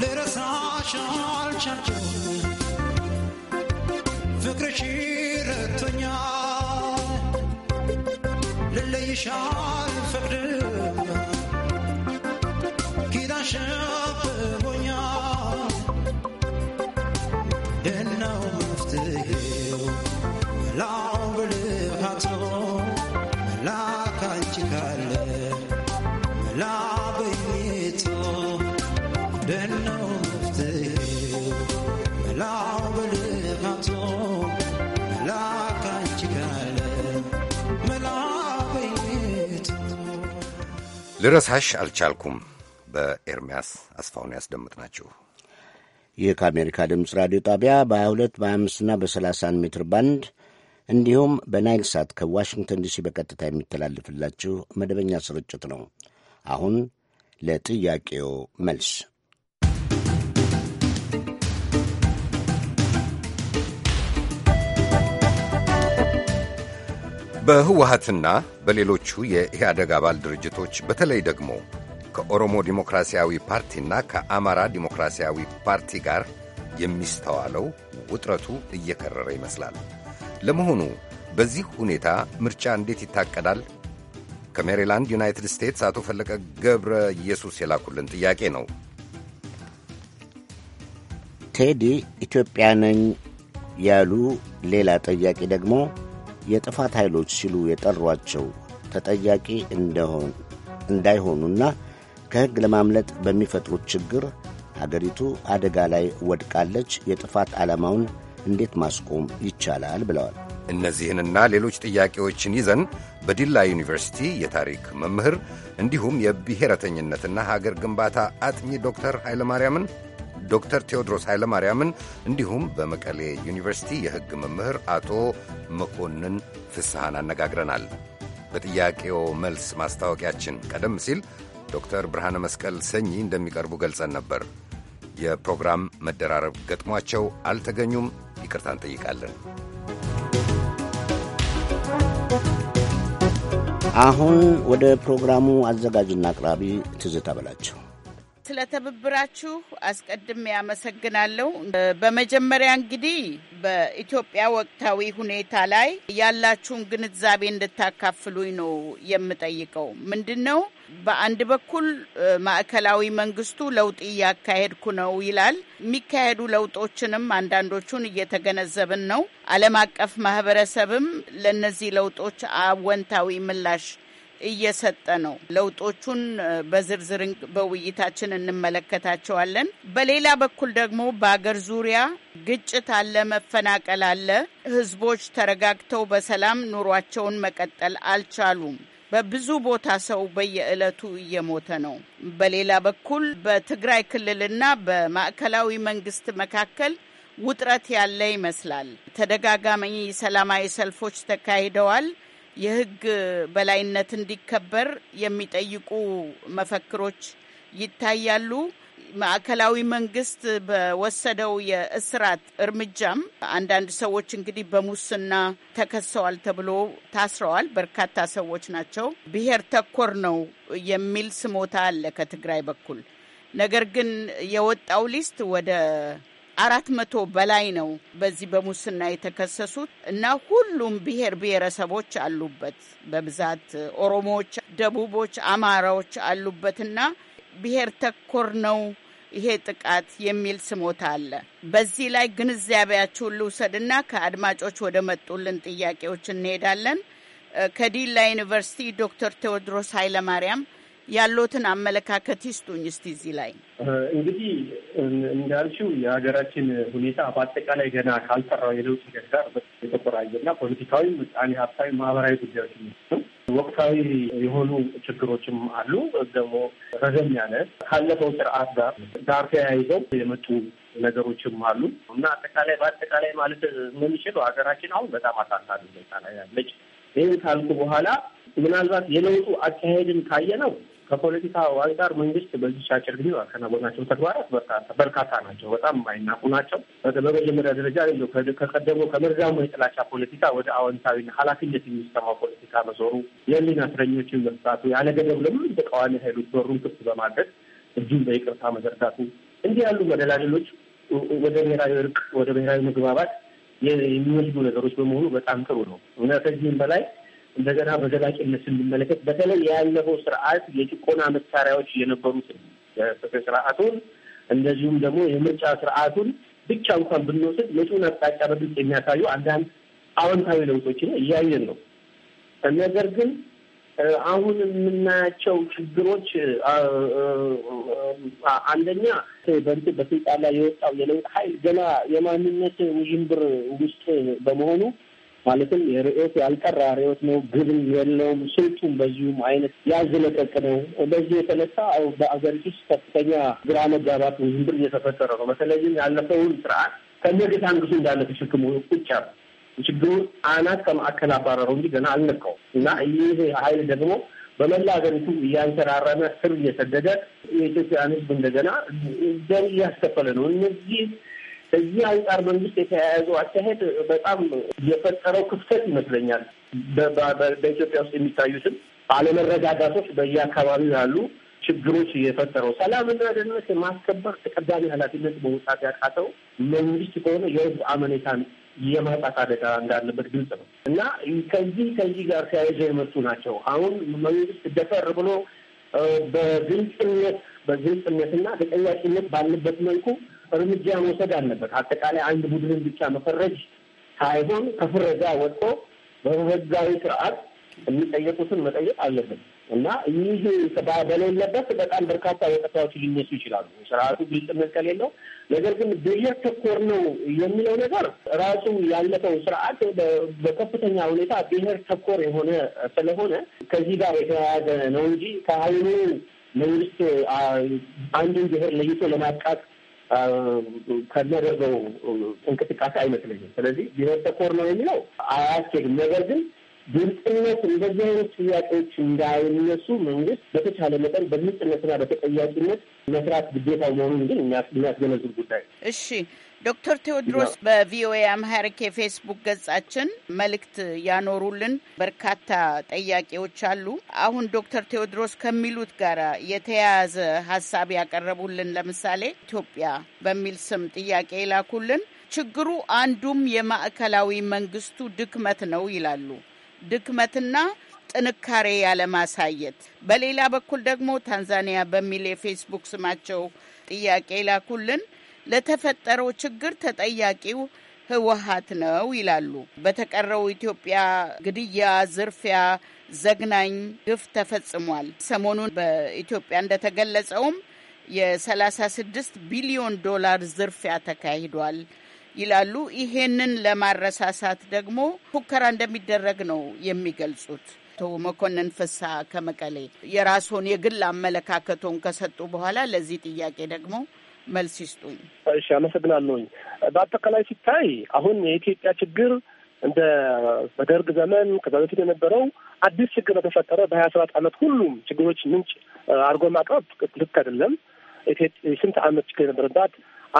ልረሳሽ አልቻልኩም ፍቅርሽ ረቶኛል ልለይሽ አልፈቅድም ኪዳንሽ ልረሳሽ አልቻልኩም። በኤርሚያስ አስፋውን ናቸው። ይህ ከአሜሪካ ድምፅ ራዲዮ ጣቢያ በ22 በ25ና በ31 ሜትር ባንድ እንዲሁም በናይል ሳት ከዋሽንግተን ዲሲ በቀጥታ የሚተላልፍላችሁ መደበኛ ስርጭት ነው። አሁን ለጥያቄው መልስ በህወሀትና በሌሎቹ የኢህአደግ አባል ድርጅቶች በተለይ ደግሞ ከኦሮሞ ዲሞክራሲያዊ ፓርቲና ከአማራ ዲሞክራሲያዊ ፓርቲ ጋር የሚስተዋለው ውጥረቱ እየከረረ ይመስላል። ለመሆኑ በዚህ ሁኔታ ምርጫ እንዴት ይታቀዳል? ከሜሪላንድ ዩናይትድ ስቴትስ አቶ ፈለቀ ገብረ ኢየሱስ የላኩልን ጥያቄ ነው። ቴዲ ኢትዮጵያ ነኝ ያሉ ሌላ ጥያቄ ደግሞ የጥፋት ኃይሎች ሲሉ የጠሯቸው ተጠያቂ እንዳይሆኑና ከሕግ ለማምለጥ በሚፈጥሩት ችግር አገሪቱ አደጋ ላይ ወድቃለች። የጥፋት ዓላማውን እንዴት ማስቆም ይቻላል ብለዋል። እነዚህንና ሌሎች ጥያቄዎችን ይዘን በዲላ ዩኒቨርሲቲ የታሪክ መምህር እንዲሁም የብሔረተኝነትና ሀገር ግንባታ አጥኚ ዶክተር ኃይለማርያምን ዶክተር ቴዎድሮስ ኃይለማርያምን እንዲሁም በመቀሌ ዩኒቨርሲቲ የሕግ መምህር አቶ መኮንን ፍስሐን አነጋግረናል። በጥያቄው መልስ ማስታወቂያችን ቀደም ሲል ዶክተር ብርሃነ መስቀል ሰኚ እንደሚቀርቡ ገልጸን ነበር። የፕሮግራም መደራረብ ገጥሟቸው አልተገኙም። ይቅርታ እንጠይቃለን። አሁን ወደ ፕሮግራሙ አዘጋጅና አቅራቢ ትዝታ በላቸው። ስለ ትብብራችሁ አስቀድሜ ያመሰግናለሁ። በመጀመሪያ እንግዲህ በኢትዮጵያ ወቅታዊ ሁኔታ ላይ ያላችሁን ግንዛቤ እንድታካፍሉኝ ነው የምጠይቀው። ምንድን ነው በአንድ በኩል ማዕከላዊ መንግስቱ ለውጥ እያካሄድኩ ነው ይላል። የሚካሄዱ ለውጦችንም አንዳንዶቹን እየተገነዘብን ነው። ዓለም አቀፍ ማህበረሰብም ለእነዚህ ለውጦች አወንታዊ ምላሽ እየሰጠ ነው። ለውጦቹን በዝርዝር በውይይታችን እንመለከታቸዋለን። በሌላ በኩል ደግሞ በአገር ዙሪያ ግጭት አለ፣ መፈናቀል አለ። ህዝቦች ተረጋግተው በሰላም ኑሯቸውን መቀጠል አልቻሉም። በብዙ ቦታ ሰው በየዕለቱ እየሞተ ነው። በሌላ በኩል በትግራይ ክልልና በማዕከላዊ መንግስት መካከል ውጥረት ያለ ይመስላል። ተደጋጋሚ ሰላማዊ ሰልፎች ተካሂደዋል። የህግ በላይነት እንዲከበር የሚጠይቁ መፈክሮች ይታያሉ። ማዕከላዊ መንግስት በወሰደው የእስራት እርምጃም አንዳንድ ሰዎች እንግዲህ በሙስና ተከሰዋል ተብሎ ታስረዋል። በርካታ ሰዎች ናቸው። ብሔር ተኮር ነው የሚል ስሞታ አለ ከትግራይ በኩል። ነገር ግን የወጣው ሊስት ወደ አራት መቶ በላይ ነው በዚህ በሙስና የተከሰሱት እና ሁሉም ብሔር ብሔረሰቦች አሉበት በብዛት ኦሮሞዎች፣ ደቡቦች፣ አማራዎች አሉበት እና ብሔር ተኮር ነው ይሄ ጥቃት የሚል ስሞታ አለ። በዚህ ላይ ግንዛቤያችሁን ልውሰድና ከአድማጮች ወደ መጡልን ጥያቄዎች እንሄዳለን። ከዲላ ዩኒቨርሲቲ ዶክተር ቴዎድሮስ ኃይለማርያም ያሉትን አመለካከት ይስጡኝ እስቲ እዚህ ላይ እንግዲህ እንዳልሽው የሀገራችን ሁኔታ በአጠቃላይ ገና ካልጠራው የለውጥ ሂደት ጋር የተቆራየና ፖለቲካዊ፣ ምጣኔ ሀብታዊ፣ ማህበራዊ ጉዳዮች ወቅታዊ የሆኑ ችግሮችም አሉ። ደግሞ ረዘም ያለ ካለፈው ስርዓት ጋር ጋር ተያይዘው የመጡ ነገሮችም አሉ እና አጠቃላይ በአጠቃላይ ማለት የምንችለው ሀገራችን አሁን በጣም አሳሳቢ ሁኔታ ላይ ያለች። ይህን ካልኩ በኋላ ምናልባት የለውጡ አካሄድን ካየ ነው ከፖለቲካው አንጻር መንግስት በዚህ አጭር ጊዜ ያከናወናቸው ተግባራት በርካታ በርካታ ናቸው። በጣም የማይናቁ ናቸው። በመጀመሪያ ደረጃ ከቀደሞ ከመርዛሙ የጥላቻ ፖለቲካ ወደ አዎንታዊና ኃላፊነት የሚሰማው ፖለቲካ መዞሩ፣ የህሊና እስረኞችን መፍታቱ፣ ያለ ገደብ ለምን ተቃዋሚ ኃይሎች በሩን ክፍት በማድረግ እጁን በይቅርታ መዘርጋቱ፣ እንዲህ ያሉ መደላደሎች ወደ ብሔራዊ እርቅ ወደ ብሔራዊ መግባባት የሚወስዱ ነገሮች በመሆኑ በጣም ጥሩ ነው እና ከዚህም በላይ እንደገና በዘላቂነት ስንመለከት በተለይ ያለፈው ስርዓት የጭቆና መሳሪያዎች የነበሩትን የፍትህ ስርዓቱን እንደዚሁም ደግሞ የምርጫ ስርዓቱን ብቻ እንኳን ብንወስድ መጪውን አቅጣጫ በግልጽ የሚያሳዩ አንዳንድ አዎንታዊ ለውጦችን እያየን ነው። ነገር ግን አሁን የምናያቸው ችግሮች አንደኛ በስልጣን ላይ የወጣው የለውጥ ኃይል ገና የማንነት ውዥንብር ውስጥ በመሆኑ ማለትም የርዕዮት ያልጠራ ርዕዮት ነው፣ ግብን የለውም፣ ስልቱም በዚሁም አይነት ያዝ ነው። በዚህ የተነሳ በአገሪቱ ውስጥ ከፍተኛ ግራ መጋባት ውዝንብር እየተፈጠረ ነው። በተለይም ያለፈውን ስርዓት ከነገት አንግሱ እንዳለ ተሸክሞ ቁጭ ነው። ችግሩን አናት ከማዕከል አባረረው እንጂ ገና አልነካው እና ይህ ሀይል ደግሞ በመላ ሀገሪቱ እያንሰራረመ ስር እየሰደደ የኢትዮጵያን ህዝብ እንደገና ደም እያስከፈለ ነው። እነዚህ እዚህ አንጻር መንግስት የተያያዘው አካሄድ በጣም የፈጠረው ክፍተት ይመስለኛል። በኢትዮጵያ ውስጥ የሚታዩትም አለመረጋጋቶች፣ በየአካባቢው ያሉ ችግሮች የፈጠረው ሰላምና ደህንነት የማስከበር ተቀዳሚ ኃላፊነት መውጣት ያቃተው መንግስት ከሆነ የህዝብ አመኔታን የማጣት አደጋ እንዳለበት ግልጽ ነው እና ከዚህ ከዚህ ጋር ተያይዘ የመጡ ናቸው። አሁን መንግስት ደፈር ብሎ በግልጽነት በግልጽነትና ተጠያቂነት ባለበት መልኩ እርምጃ መውሰድ አለበት። አጠቃላይ አንድ ቡድንን ብቻ መፈረጅ ሳይሆን ከፍረጃ ወጥቶ በህጋዊ ስርዓት የሚጠየቁትን መጠየቅ አለብን። እና ይህ በሌለበት በጣም በርካታ ወቀሳዎች ሊነሱ ይችላሉ፣ ስርዓቱ ግልጽነት ከሌለው። ነገር ግን ብሔር ተኮር ነው የሚለው ነገር ራሱ ያለፈው ስርዓት በከፍተኛ ሁኔታ ብሔር ተኮር የሆነ ስለሆነ ከዚህ ጋር የተያያዘ ነው እንጂ ከሀይሉ መንግስት አንድን ብሔር ለይቶ ለማጥቃት ከመደበው እንቅስቃሴ አይመስለኝም። ስለዚህ ብሔር ተኮር ነው የሚለው አያስኬድም። ነገር ግን ግልጽነት እንደዚህ አይነት ጥያቄዎች እንዳይነሱ መንግስት በተቻለ መጠን በግልጽነትና በተጠያቂነት መስራት ግዴታው መሆኑን ግን የሚያስገነዝብ ጉዳይ። እሺ ዶክተር ቴዎድሮስ በቪኦኤ አምሃሪክ የፌስቡክ ገጻችን መልእክት ያኖሩልን በርካታ ጥያቄዎች አሉ። አሁን ዶክተር ቴዎድሮስ ከሚሉት ጋር የተያያዘ ሀሳብ ያቀረቡልን ለምሳሌ ኢትዮጵያ በሚል ስም ጥያቄ ይላኩልን። ችግሩ አንዱም የማዕከላዊ መንግስቱ ድክመት ነው ይላሉ። ድክመትና ጥንካሬ ያለማሳየት። በሌላ በኩል ደግሞ ታንዛኒያ በሚል የፌስቡክ ስማቸው ጥያቄ ይላኩልን ለተፈጠረው ችግር ተጠያቂው ህወሀት ነው ይላሉ። በተቀረው ኢትዮጵያ ግድያ፣ ዝርፊያ፣ ዘግናኝ ግፍ ተፈጽሟል። ሰሞኑን በኢትዮጵያ እንደተገለጸውም የ36 ቢሊዮን ዶላር ዝርፊያ ተካሂዷል ይላሉ። ይሄንን ለማረሳሳት ደግሞ ሁከራ እንደሚደረግ ነው የሚገልጹት። አቶ መኮንን ፍስሐ ከመቀሌ የራስዎን የግል አመለካከቶን ከሰጡ በኋላ ለዚህ ጥያቄ ደግሞ መልስ ይስጡኝ። እሺ፣ አመሰግናለሁኝ። በአጠቃላይ ሲታይ አሁን የኢትዮጵያ ችግር እንደ በደርግ ዘመን ከዛ በፊት የነበረው አዲስ ችግር በተፈጠረ በሀያ ሰባት አመት ሁሉም ችግሮች ምንጭ አድርጎ ማቅረብ ልክ አይደለም። ስንት አመት ችግር የነበረባት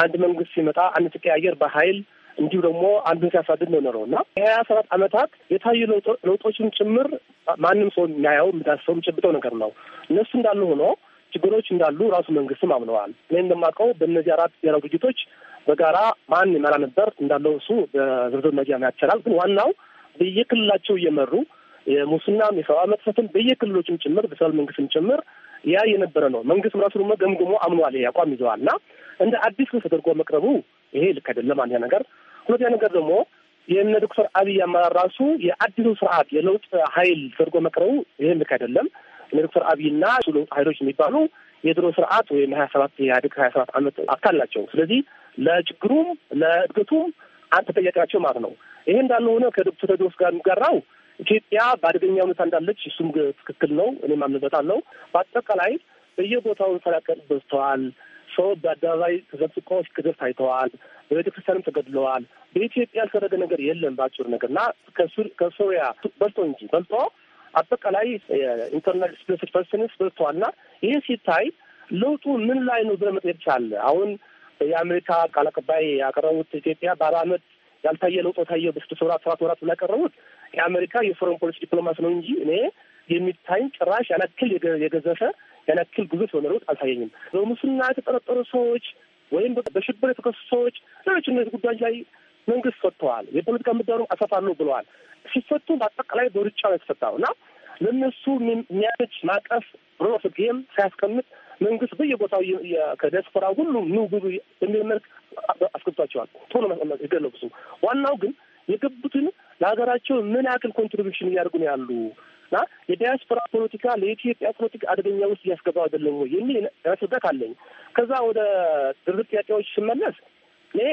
አንድ መንግስት ሲመጣ አንድ ሲቀያየር በሀይል እንዲሁ ደግሞ አንዱን ሲያሳድድ ነው የኖረው እና የሀያ ሰባት አመታት የታዩ ለውጦችን ጭምር ማንም ሰው የሚያየው የሚዳስሰው የሚጨብጠው ነገር ነው። እነሱ እንዳለ ሆኖ ችግሮች እንዳሉ ራሱ መንግስትም አምነዋል። እኔ እንደማውቀው በእነዚህ አራት ብሔራዊ ድርጅቶች በጋራ ማን ይመራ ነበር እንዳለው እሱ በዝርዝር መግቢያ ያቸላል። ግን ዋናው በየክልላቸው እየመሩ የሙስናም የሰብአዊ መጥፈትም በየክልሎችም ጭምር በፌደራል መንግስትም ጭምር ያ የነበረ ነው። መንግስት ራሱ ደግሞ ገምግሞ አምኗል፣ አቋም ይዘዋል እና እንደ አዲስ ክስ ተደርጎ መቅረቡ ይሄ ልክ አይደለም። አንደኛ ነገር፣ ሁለተኛ ነገር ደግሞ የእነ ዶክተር አብይ አመራር ራሱ የአዲሱ ስርዓት የለውጥ ሀይል ተደርጎ መቅረቡ ይሄ ልክ አይደለም። ዶክተር አብይና ሱሉ ሀይሎች የሚባሉ የድሮ ስርዓት ወይም ሀያ ሰባት የኢህአዴግ ሀያ ሰባት አመት አካል ናቸው። ስለዚህ ለችግሩም ለእድገቱም አንድ ተጠያቂ ናቸው ማለት ነው። ይሄ እንዳለ ሆነ ከዶክተር ቴዎድሮስ ጋር የሚጋራው ኢትዮጵያ በአደገኛ ሁኔታ እንዳለች እሱም ትክክል ነው። እኔም አምንበታለሁ። በአጠቃላይ በየቦታው ፈላቀጥ በዝተዋል። ሰው በአደባባይ ተዘብቆ ሲገደል ታይተዋል። በቤተክርስቲያንም ተገድለዋል። በኢትዮጵያ ያልተደረገ ነገር የለም። በአጭሩ ነገር እና ከሱሪያ በልጦ እንጂ በልጦ አጠቃላይ ኢንተርናል ዲስፕሌስድ ፐርሰንስ በቷና ይህ ሲታይ ለውጡ ምን ላይ ነው ብለህ መጠየቅ ትችላለህ። አሁን የአሜሪካ ቃል አቀባይ ያቀረቡት ኢትዮጵያ በአራ አመት ያልታየ ለውጦ ታየ በስድስት ወራት ሰባት ወራት ብላ ያቀረቡት የአሜሪካ የፎረን ፖሊሲ ዲፕሎማሲ ነው እንጂ እኔ የሚታይ ጭራሽ ያናክል የገዘፈ ያናክል ግዙፍ የሆነ ለውጥ አልታየኝም። በሙስና የተጠረጠሩ ሰዎች ወይም በሽብር የተከሱ ሰዎች ሌሎች እነዚህ ጉዳዮች ላይ መንግስት ፈጥተዋል። የፖለቲካ ምህዳሩ ነው ብለዋል። ሲፈቱ በአጠቃላይ በሩጫ ነው የተፈታው እና ለእነሱ የሚያመች ማቀፍ ሩል ጌም ሳያስቀምጥ መንግስት በየቦታው ከዲያስፖራ ሁሉም ኑ ብዙ የሚል መልክ አስገብቷቸዋል። ቶሎ የገለብሱ ዋናው ግን የገቡትን ለሀገራቸው ምን ያክል ኮንትሪቢሽን እያደርጉ ነው ያሉ እና የዲያስፖራ ፖለቲካ ለኢትዮጵያ ፖለቲካ አደገኛ ውስጥ እያስገባው አይደለም ወይ የሚል ራስ አለኝ። ከዛ ወደ ድርድር ጥያቄዎች ስመለስ ይሄ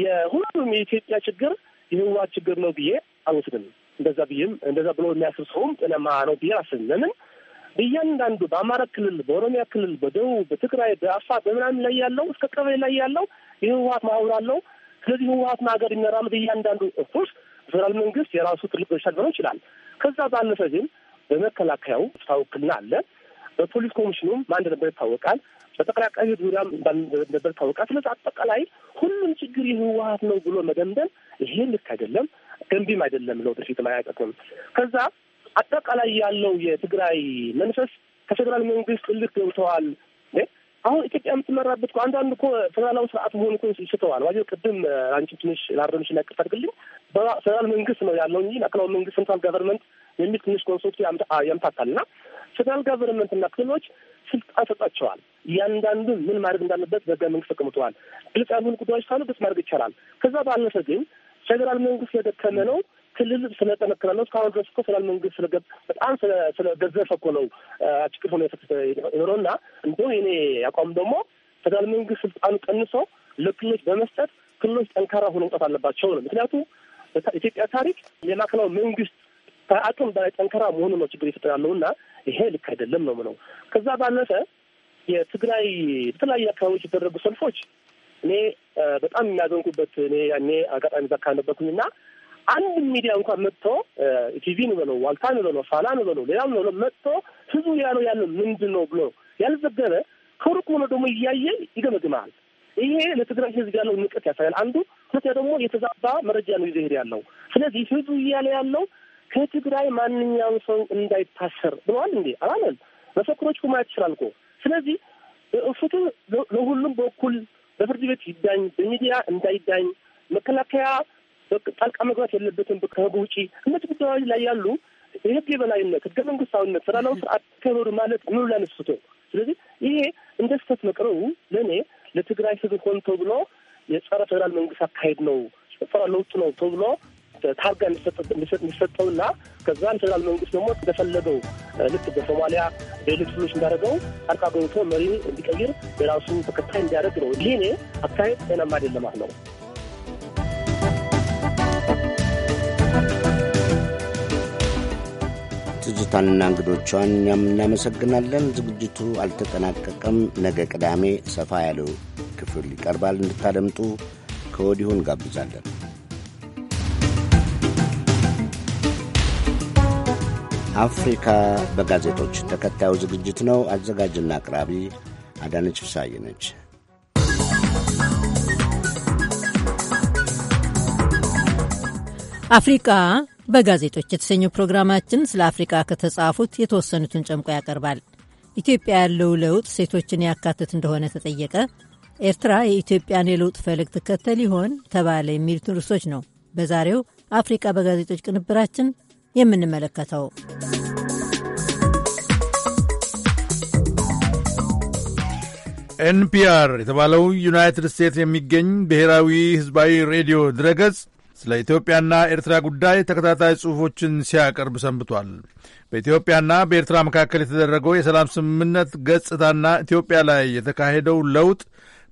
የሁሉም የኢትዮጵያ ችግር የህወሓት ችግር ነው ብዬ አልወስድም። እንደዛ ብዬም እንደዛ ብሎ የሚያስብ ሰውም ጤናማ ነው ብዬ አላስብም። ለምን እያንዳንዱ በአማራ ክልል፣ በኦሮሚያ ክልል፣ በደቡብ፣ በትግራይ፣ በአፋር፣ በምናምን ላይ ያለው እስከ ቀበሌ ላይ ያለው የህወሓት ማህበር አለው። ስለዚህ ህወሓትን ሀገር ይመራል። በእያንዳንዱ እኮስ ፌደራል መንግስት የራሱ ትልቅ ድርሻ ሊኖረው ይችላል። ከዛ ባለፈ ግን በመከላከያው ውክልና አለ በፖሊስ ኮሚሽኑም ማን እንደነበር ይታወቃል። በተቀላቃዩ ዙሪያም እንደነበር ይታወቃል። ስለዚህ አጠቃላይ ሁሉም ችግር የህወሀት ነው ብሎ መደምደም ይሄ ልክ አይደለም፣ ገንቢም አይደለም፣ ለወደፊትም አያጠቅምም። ከዛ አጠቃላይ ያለው የትግራይ መንፈስ ከፌዴራል መንግስት እልክ ገብተዋል። አሁን ኢትዮጵያ የምትመራበት አንዳንድ እኮ ፌዴራላዊ ስርዓት መሆን እኮ ይስተዋል። ዋ ቅድም አንቺ ትንሽ ላረምሽ ና ቅርታ አድርግልኝ ፌዴራል መንግስት ነው ያለው እንጂ ማዕከላዊ መንግስት ሴንትራል ገቨርንመንት የሚል ትንሽ ኮንሶፕት ያምታታል እና ገቨርንመንት ጋቨርንመንትና ክልሎች ስልጣን ሰጧቸዋል። እያንዳንዱ ምን ማድረግ እንዳለበት በህገ መንግስት ተቀምጠዋል። ግልጽ ያልሆኑ ጉዳዮች ካሉ ግልጽ ማድረግ ይቻላል። ከዛ ባለፈ ግን ፌደራል መንግስት ስለደከመ ነው ክልል ስለጠነከረ ነው። እስካሁን ድረስ እኮ ፌዴራል መንግስት ስለገብ በጣም ስለገዘፈ እኮ ነው ችግር ሆነ የኖረው እና እንዲሁም የኔ አቋም ደግሞ ፌደራል መንግስት ስልጣኑ ቀንሶ ለክልሎች በመስጠት ክልሎች ጠንካራ ሆኖ መውጣት አለባቸው ነው። ምክንያቱም ኢትዮጵያ ታሪክ የማዕከላዊ መንግስት ከአቅም በላይ ጠንካራ መሆኑ ነው ችግር ይፈጠራለሁ እና ይሄ ልክ አይደለም ነው ምለው። ከዛ ባለፈ የትግራይ የተለያዩ አካባቢዎች የተደረጉ ሰልፎች እኔ በጣም የሚያዘንኩበት እኔ ያኔ አጋጣሚ ዛካ ነበርኩኝ እና አንድ ሚዲያ እንኳን መጥቶ ኢቲቪ ነው በለው ዋልታ ነው በለው ፋና ነው በለው ሌላም ነው በለው መጥቶ ህዝቡ ያለው ያለው ምንድን ነው ብሎ ያልዘገበ ከሩቅ ሆኖ ደግሞ እያየ ይገመግማል። ይሄ ለትግራይ ህዝብ ያለው ንቀት ያሳያል አንዱ። ሁለተኛ ደግሞ የተዛባ መረጃ ነው ይዘሄድ ያለው። ስለዚህ ህዝቡ እያለ ያለው ከትግራይ ማንኛውም ሰው እንዳይታሰር ብለዋል እንዴ? አላለም። መፈክሮች እኮ ማየት ይችላል እኮ። ስለዚህ ፍትህ ለሁሉም በኩል በፍርድ ቤት ይዳኝ፣ በሚዲያ እንዳይዳኝ፣ መከላከያ ጣልቃ መግባት የለበትም ከህግ ውጪ። እነዚህ ጉዳዮች ላይ ያሉ የህግ የበላይነት፣ ህገ መንግስታዊነት፣ ሰላማዊ ስርዓት ከበሩ ማለት ምኑ ላይ ነስቶ። ስለዚህ ይሄ እንደ ስህተት መቅረቡ ለእኔ ለትግራይ ህዝብ ሆን ተብሎ የጸረ ፌዴራል መንግስት አካሄድ ነው፣ ጸረ ለውጥ ነው ተብሎ ታርጋ እንዲሰጠውና ከዛ ፌደራል መንግስት ደግሞ እንደፈለገው ልክ በሶማሊያ በሌሎች ክፍሎች እንዳደረገው ጣልቃ ገብቶ መሪ እንዲቀይር የራሱ ተከታይ እንዲያደርግ ነው። ይህኔ አካሄድ ጤናማ አይደለም ነው። ትዝታንና እንግዶቿን እኛም እናመሰግናለን። ዝግጅቱ አልተጠናቀቀም። ነገ ቅዳሜ ሰፋ ያለው ክፍል ይቀርባል። እንድታደምጡ ከወዲሁ እንጋብዛለን። አፍሪካ በጋዜጦች ተከታዩ ዝግጅት ነው። አዘጋጅና አቅራቢ አዳነች ፍሳዬ ነች። አፍሪቃ በጋዜጦች የተሰኘው ፕሮግራማችን ስለ አፍሪቃ ከተጻፉት የተወሰኑትን ጨምቆ ያቀርባል። ኢትዮጵያ ያለው ለውጥ ሴቶችን ያካትት እንደሆነ ተጠየቀ፣ ኤርትራ የኢትዮጵያን የለውጥ ፈለግ ትከተል ይሆን ተባለ የሚሉትን ርዕሶች ነው በዛሬው አፍሪቃ በጋዜጦች ቅንብራችን የምንመለከተው። ኤንፒአር የተባለው ዩናይትድ ስቴትስ የሚገኝ ብሔራዊ ሕዝባዊ ሬዲዮ ድረገጽ ስለ ኢትዮጵያና ኤርትራ ጉዳይ ተከታታይ ጽሑፎችን ሲያቀርብ ሰንብቷል። በኢትዮጵያና በኤርትራ መካከል የተደረገው የሰላም ስምምነት ገጽታና ኢትዮጵያ ላይ የተካሄደው ለውጥ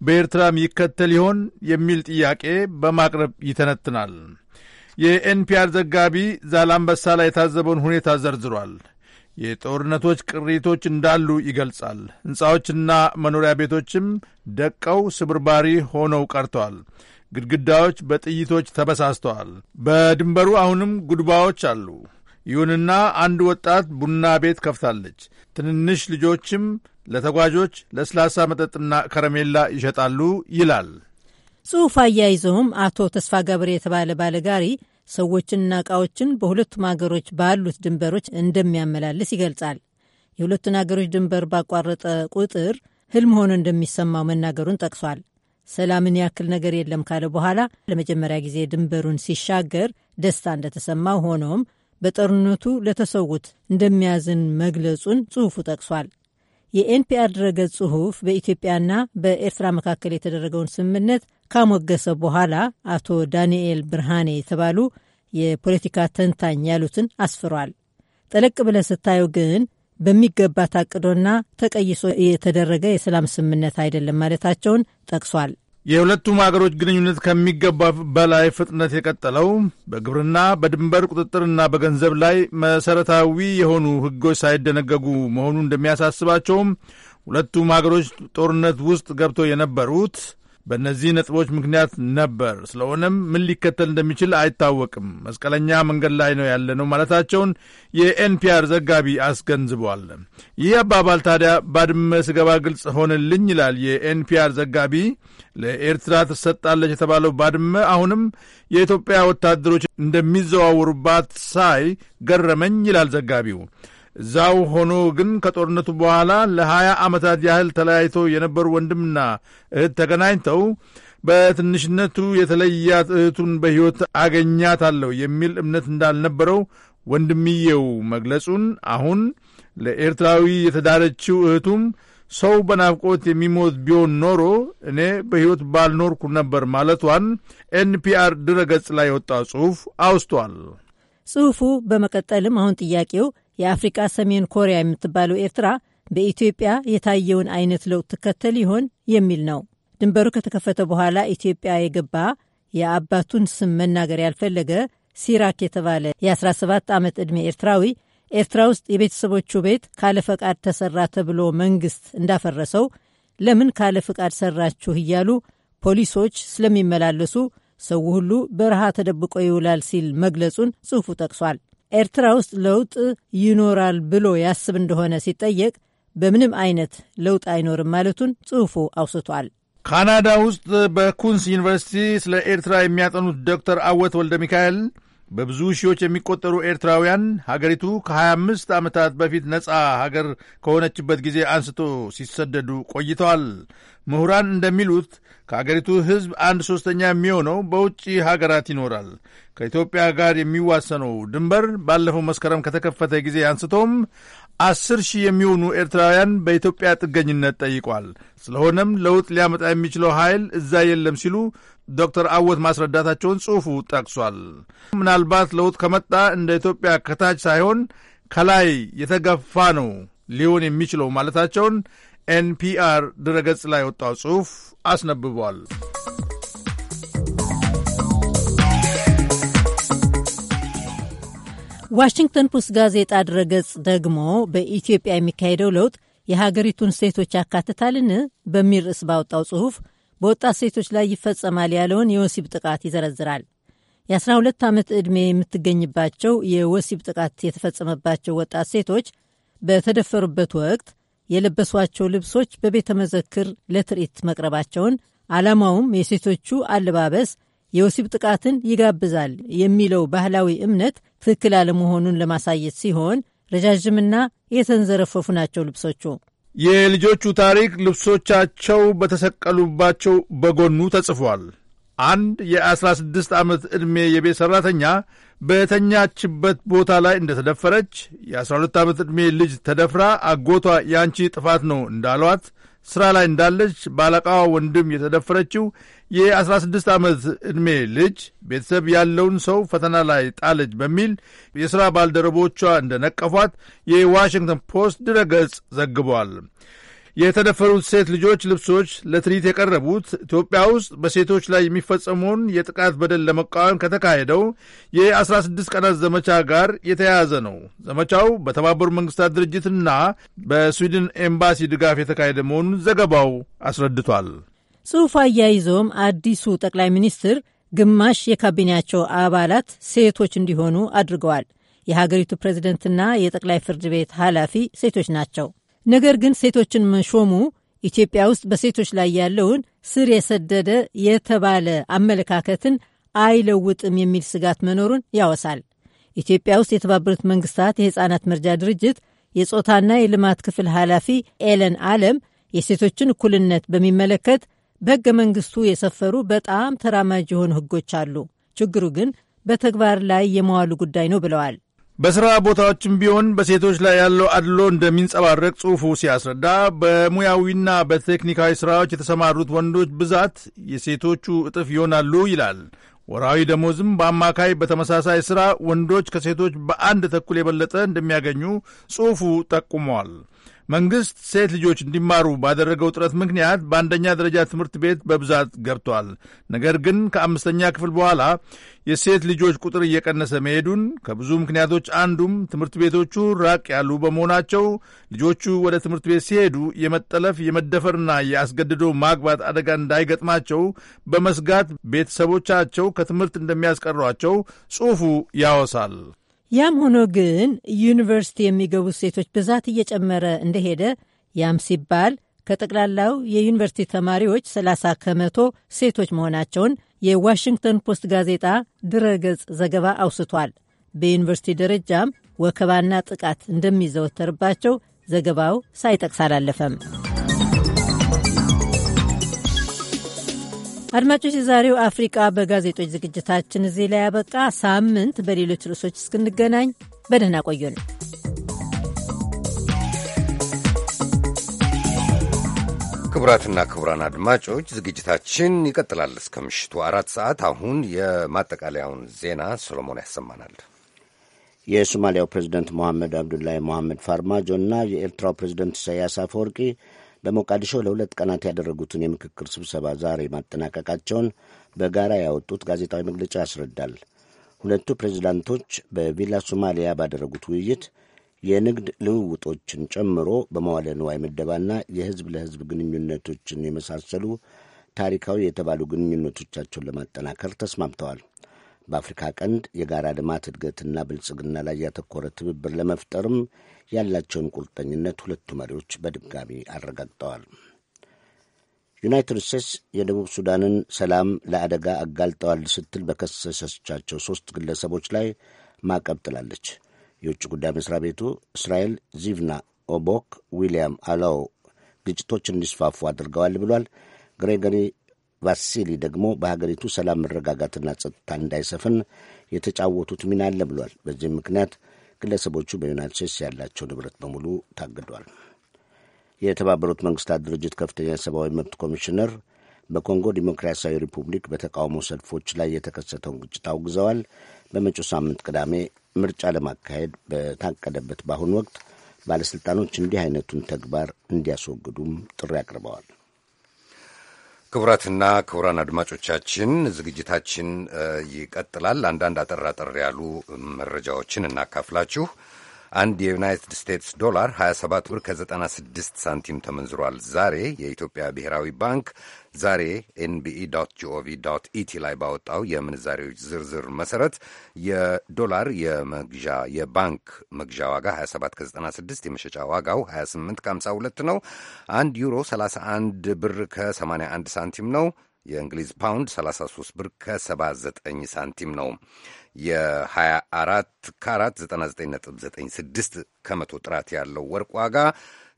በኤርትራም ይከተል ይሆን የሚል ጥያቄ በማቅረብ ይተነትናል። የኤንፒአር ዘጋቢ ዛላምበሳ ላይ የታዘበውን ሁኔታ ዘርዝሯል። የጦርነቶች ቅሪቶች እንዳሉ ይገልጻል። ሕንፃዎችና መኖሪያ ቤቶችም ደቀው ስብርባሪ ሆነው ቀርተዋል። ግድግዳዎች በጥይቶች ተበሳስተዋል። በድንበሩ አሁንም ጉድባዎች አሉ። ይሁንና አንድ ወጣት ቡና ቤት ከፍታለች። ትንንሽ ልጆችም ለተጓዦች ለስላሳ መጠጥና ከረሜላ ይሸጣሉ ይላል። ጽሑፍ አያይዘውም አቶ ተስፋ ገብሬ የተባለ ባለጋሪ ሰዎችንና እቃዎችን በሁለቱም አገሮች ባሉት ድንበሮች እንደሚያመላልስ ይገልጻል። የሁለቱን አገሮች ድንበር ባቋረጠ ቁጥር ህልም ሆኖ እንደሚሰማው መናገሩን ጠቅሷል። ሰላምን ያክል ነገር የለም ካለ በኋላ ለመጀመሪያ ጊዜ ድንበሩን ሲሻገር ደስታ እንደተሰማው ሆኖም በጦርነቱ ለተሰዉት እንደሚያዝን መግለጹን ጽሑፉ ጠቅሷል። የኤንፒአር ድረገጽ ጽሑፍ በኢትዮጵያና በኤርትራ መካከል የተደረገውን ስምምነት ካሞገሰ በኋላ አቶ ዳንኤል ብርሃኔ የተባሉ የፖለቲካ ተንታኝ ያሉትን አስፍሯል። ጠለቅ ብለህ ስታየው ግን በሚገባ ታቅዶና ተቀይሶ የተደረገ የሰላም ስምምነት አይደለም ማለታቸውን ጠቅሷል። የሁለቱም አገሮች ግንኙነት ከሚገባ በላይ ፍጥነት የቀጠለው በግብርና በድንበር ቁጥጥርና በገንዘብ ላይ መሠረታዊ የሆኑ ሕጎች ሳይደነገጉ መሆኑ እንደሚያሳስባቸውም ሁለቱም አገሮች ጦርነት ውስጥ ገብቶ የነበሩት በእነዚህ ነጥቦች ምክንያት ነበር። ስለሆነም ምን ሊከተል እንደሚችል አይታወቅም። መስቀለኛ መንገድ ላይ ነው ያለነው ማለታቸውን የኤንፒአር ዘጋቢ አስገንዝቧል። ይህ አባባል ታዲያ ባድመ ስገባ ግልጽ ሆንልኝ ይላል የኤንፒአር ዘጋቢ ለኤርትራ ትሰጣለች የተባለው ባድመ አሁንም የኢትዮጵያ ወታደሮች እንደሚዘዋወሩባት ሳይ ገረመኝ ይላል ዘጋቢው። እዛው ሆኖ ግን ከጦርነቱ በኋላ ለሀያ ዓመታት ያህል ተለያይቶ የነበሩ ወንድምና እህት ተገናኝተው በትንሽነቱ የተለያት እህቱን በሕይወት አገኛታለሁ የሚል እምነት እንዳልነበረው ወንድምየው መግለጹን አሁን ለኤርትራዊ የተዳረችው እህቱም ሰው በናፍቆት የሚሞት ቢሆን ኖሮ እኔ በሕይወት ባልኖርኩ ነበር ማለቷን ኤንፒአር ድረገጽ ላይ የወጣ ጽሑፍ አውስቷል። ጽሑፉ በመቀጠልም አሁን ጥያቄው የአፍሪቃ ሰሜን ኮሪያ የምትባለው ኤርትራ በኢትዮጵያ የታየውን አይነት ለውጥ ትከተል ይሆን የሚል ነው። ድንበሩ ከተከፈተ በኋላ ኢትዮጵያ የገባ የአባቱን ስም መናገር ያልፈለገ ሲራክ የተባለ የ17 ዓመት ዕድሜ ኤርትራዊ ኤርትራ ውስጥ የቤተሰቦቹ ቤት ካለ ፈቃድ ተሰራ ተብሎ መንግስት እንዳፈረሰው ለምን ካለ ፈቃድ ሰራችሁ እያሉ ፖሊሶች ስለሚመላለሱ ሰው ሁሉ በረሃ ተደብቆ ይውላል ሲል መግለጹን ጽሑፉ ጠቅሷል። ኤርትራ ውስጥ ለውጥ ይኖራል ብሎ ያስብ እንደሆነ ሲጠየቅ በምንም አይነት ለውጥ አይኖርም ማለቱን ጽሑፉ አውስቷል። ካናዳ ውስጥ በኩንስ ዩኒቨርሲቲ ስለ ኤርትራ የሚያጠኑት ዶክተር አወት ወልደ ሚካኤል በብዙ ሺዎች የሚቆጠሩ ኤርትራውያን ሀገሪቱ ከ25 ዓመታት በፊት ነጻ ሀገር ከሆነችበት ጊዜ አንስቶ ሲሰደዱ ቆይተዋል። ምሁራን እንደሚሉት ከአገሪቱ ሕዝብ አንድ ሦስተኛ የሚሆነው በውጭ ሀገራት ይኖራል። ከኢትዮጵያ ጋር የሚዋሰነው ድንበር ባለፈው መስከረም ከተከፈተ ጊዜ አንስቶም አስር ሺህ የሚሆኑ ኤርትራውያን በኢትዮጵያ ጥገኝነት ጠይቋል። ስለሆነም ለውጥ ሊያመጣ የሚችለው ኃይል እዛ የለም ሲሉ ዶክተር አወት ማስረዳታቸውን ጽሑፉ ጠቅሷል። ምናልባት ለውጥ ከመጣ እንደ ኢትዮጵያ ከታች ሳይሆን ከላይ የተገፋ ነው ሊሆን የሚችለው ማለታቸውን ኤንፒአር ድረገጽ ላይ የወጣው ጽሑፍ አስነብቧል። ዋሽንግተን ፖስት ጋዜጣ ድረገጽ ደግሞ በኢትዮጵያ የሚካሄደው ለውጥ የሀገሪቱን ሴቶች ያካትታልን በሚል ርዕስ ባወጣው ጽሑፍ በወጣት ሴቶች ላይ ይፈጸማል ያለውን የወሲብ ጥቃት ይዘረዝራል። የ12 ዓመት ዕድሜ የምትገኝባቸው የወሲብ ጥቃት የተፈጸመባቸው ወጣት ሴቶች በተደፈሩበት ወቅት የለበሷቸው ልብሶች በቤተ መዘክር ለትርኢት መቅረባቸውን ዓላማውም የሴቶቹ አለባበስ የወሲብ ጥቃትን ይጋብዛል የሚለው ባህላዊ እምነት ትክክል አለመሆኑን ለማሳየት ሲሆን ረዣዥምና የተንዘረፈፉ ናቸው ልብሶቹ። የልጆቹ ታሪክ ልብሶቻቸው በተሰቀሉባቸው በጎኑ ተጽፏል። አንድ የአስራ ስድስት ዓመት ዕድሜ የቤት ሠራተኛ በተኛችበት ቦታ ላይ እንደተደፈረች፣ የአስራ ሁለት ዓመት ዕድሜ ልጅ ተደፍራ አጎቷ ያንቺ ጥፋት ነው እንዳሏት ሥራ ላይ እንዳለች ባለቃዋ ወንድም የተደፈረችው የ16 ዓመት ዕድሜ ልጅ ቤተሰብ ያለውን ሰው ፈተና ላይ ጣለች በሚል የሥራ ባልደረቦቿ እንደነቀፏት የዋሽንግተን ፖስት ድረገጽ ዘግቧል። የተደፈሩት ሴት ልጆች ልብሶች ለትርኢት የቀረቡት ኢትዮጵያ ውስጥ በሴቶች ላይ የሚፈጸመውን የጥቃት በደል ለመቃወም ከተካሄደው የ16 ቀናት ዘመቻ ጋር የተያያዘ ነው። ዘመቻው በተባበሩት መንግስታት ድርጅትና በስዊድን ኤምባሲ ድጋፍ የተካሄደ መሆኑን ዘገባው አስረድቷል። ጽሑፍ አያይዞም አዲሱ ጠቅላይ ሚኒስትር ግማሽ የካቢኔያቸው አባላት ሴቶች እንዲሆኑ አድርገዋል። የሀገሪቱ ፕሬዝደንትና የጠቅላይ ፍርድ ቤት ኃላፊ ሴቶች ናቸው። ነገር ግን ሴቶችን መሾሙ ኢትዮጵያ ውስጥ በሴቶች ላይ ያለውን ስር የሰደደ የተባለ አመለካከትን አይለውጥም የሚል ስጋት መኖሩን ያወሳል። ኢትዮጵያ ውስጥ የተባበሩት መንግስታት የሕፃናት መርጃ ድርጅት የጾታና የልማት ክፍል ኃላፊ ኤለን አለም የሴቶችን እኩልነት በሚመለከት በሕገ መንግስቱ የሰፈሩ በጣም ተራማጅ የሆኑ ሕጎች አሉ፣ ችግሩ ግን በተግባር ላይ የመዋሉ ጉዳይ ነው ብለዋል። በሥራ ቦታዎችም ቢሆን በሴቶች ላይ ያለው አድሎ እንደሚንጸባረቅ ጽሑፉ ሲያስረዳ በሙያዊና በቴክኒካዊ ሥራዎች የተሰማሩት ወንዶች ብዛት የሴቶቹ እጥፍ ይሆናሉ ይላል። ወራዊ ደሞዝም በአማካይ በተመሳሳይ ሥራ ወንዶች ከሴቶች በአንድ ተኩል የበለጠ እንደሚያገኙ ጽሑፉ ጠቁሟል። መንግሥት ሴት ልጆች እንዲማሩ ባደረገው ጥረት ምክንያት በአንደኛ ደረጃ ትምህርት ቤት በብዛት ገብቷል። ነገር ግን ከአምስተኛ ክፍል በኋላ የሴት ልጆች ቁጥር እየቀነሰ መሄዱን ከብዙ ምክንያቶች አንዱም ትምህርት ቤቶቹ ራቅ ያሉ በመሆናቸው ልጆቹ ወደ ትምህርት ቤት ሲሄዱ የመጠለፍ የመደፈርና የአስገድዶ ማግባት አደጋ እንዳይገጥማቸው በመስጋት ቤተሰቦቻቸው ከትምህርት እንደሚያስቀሯቸው ጽሑፉ ያወሳል። ያም ሆኖ ግን ዩኒቨርሲቲ የሚገቡ ሴቶች ብዛት እየጨመረ እንደሄደ፣ ያም ሲባል ከጠቅላላው የዩኒቨርሲቲ ተማሪዎች 30 ከመቶ ሴቶች መሆናቸውን የዋሽንግተን ፖስት ጋዜጣ ድረገጽ ዘገባ አውስቷል። በዩኒቨርሲቲ ደረጃም ወከባና ጥቃት እንደሚዘወተርባቸው ዘገባው ሳይጠቅስ አላለፈም። አድማጮች፣ የዛሬው አፍሪቃ በጋዜጦች ዝግጅታችን እዚህ ላይ ያበቃ። ሳምንት በሌሎች ርዕሶች እስክንገናኝ በደህና ቆዩን። ክቡራትና ክቡራን አድማጮች ዝግጅታችን ይቀጥላል እስከ ምሽቱ አራት ሰዓት። አሁን የማጠቃለያውን ዜና ሰሎሞን ያሰማናል። የሶማሊያው ፕሬዚደንት ሞሐመድ አብዱላሂ ሞሐመድ ፋርማጆ እና የኤርትራው ፕሬዚደንት ኢሳያስ አፈወርቂ በሞቃዲሾ ለሁለት ቀናት ያደረጉትን የምክክር ስብሰባ ዛሬ ማጠናቀቃቸውን በጋራ ያወጡት ጋዜጣዊ መግለጫ ያስረዳል። ሁለቱ ፕሬዚዳንቶች በቪላ ሶማሊያ ባደረጉት ውይይት የንግድ ልውውጦችን ጨምሮ በመዋለ ንዋይ ምደባና የሕዝብ ለሕዝብ ግንኙነቶችን የመሳሰሉ ታሪካዊ የተባሉ ግንኙነቶቻቸውን ለማጠናከር ተስማምተዋል። በአፍሪካ ቀንድ የጋራ ልማት እድገትና ብልጽግና ላይ ያተኮረ ትብብር ለመፍጠርም ያላቸውን ቁርጠኝነት ሁለቱ መሪዎች በድጋሚ አረጋግጠዋል። ዩናይትድ ስቴትስ የደቡብ ሱዳንን ሰላም ለአደጋ አጋልጠዋል ስትል በከሰሰቻቸው ሦስት ግለሰቦች ላይ ማዕቀብ ጥላለች። የውጭ ጉዳይ መሥሪያ ቤቱ እስራኤል ዚቭና ኦቦክ፣ ዊልያም አላው ግጭቶች እንዲስፋፉ አድርገዋል ብሏል። ግሬገሪ ቫሲሊ ደግሞ በሀገሪቱ ሰላም መረጋጋትና ጸጥታ እንዳይሰፍን የተጫወቱት ሚና አለ ብሏል። በዚህም ምክንያት ግለሰቦቹ በዩናይት ስቴትስ ያላቸው ንብረት በሙሉ ታግዷል። የተባበሩት መንግስታት ድርጅት ከፍተኛ የሰብአዊ መብት ኮሚሽነር በኮንጎ ዲሞክራሲያዊ ሪፑብሊክ በተቃውሞ ሰልፎች ላይ የተከሰተውን ግጭት አውግዘዋል። በመጪው ሳምንት ቅዳሜ ምርጫ ለማካሄድ በታቀደበት በአሁኑ ወቅት ባለሥልጣኖች እንዲህ አይነቱን ተግባር እንዲያስወግዱም ጥሪ አቅርበዋል። ክቡራትና ክቡራን አድማጮቻችን ዝግጅታችን ይቀጥላል። አንዳንድ አጠር አጠር ያሉ መረጃዎችን እናካፍላችሁ። አንድ የዩናይትድ ስቴትስ ዶላር 27 ብር ከ96 ሳንቲም ተመንዝሯል። ዛሬ የኢትዮጵያ ብሔራዊ ባንክ ዛሬ ኤንቢኢ ጂኦቪ ኢቲ ላይ ባወጣው የምንዛሬዎች ዝርዝር መሰረት የዶላር የመግዣ የባንክ መግዣ ዋጋ 27 ከ96 የመሸጫ ዋጋው 28 ከ52 ነው። አንድ ዩሮ 31 ብር ከ81 ሳንቲም ነው። የእንግሊዝ ፓውንድ 33 ብር ከ79 ሳንቲም ነው። የ24 ካራት 99.96 ከመቶ ጥራት ያለው ወርቅ ዋጋ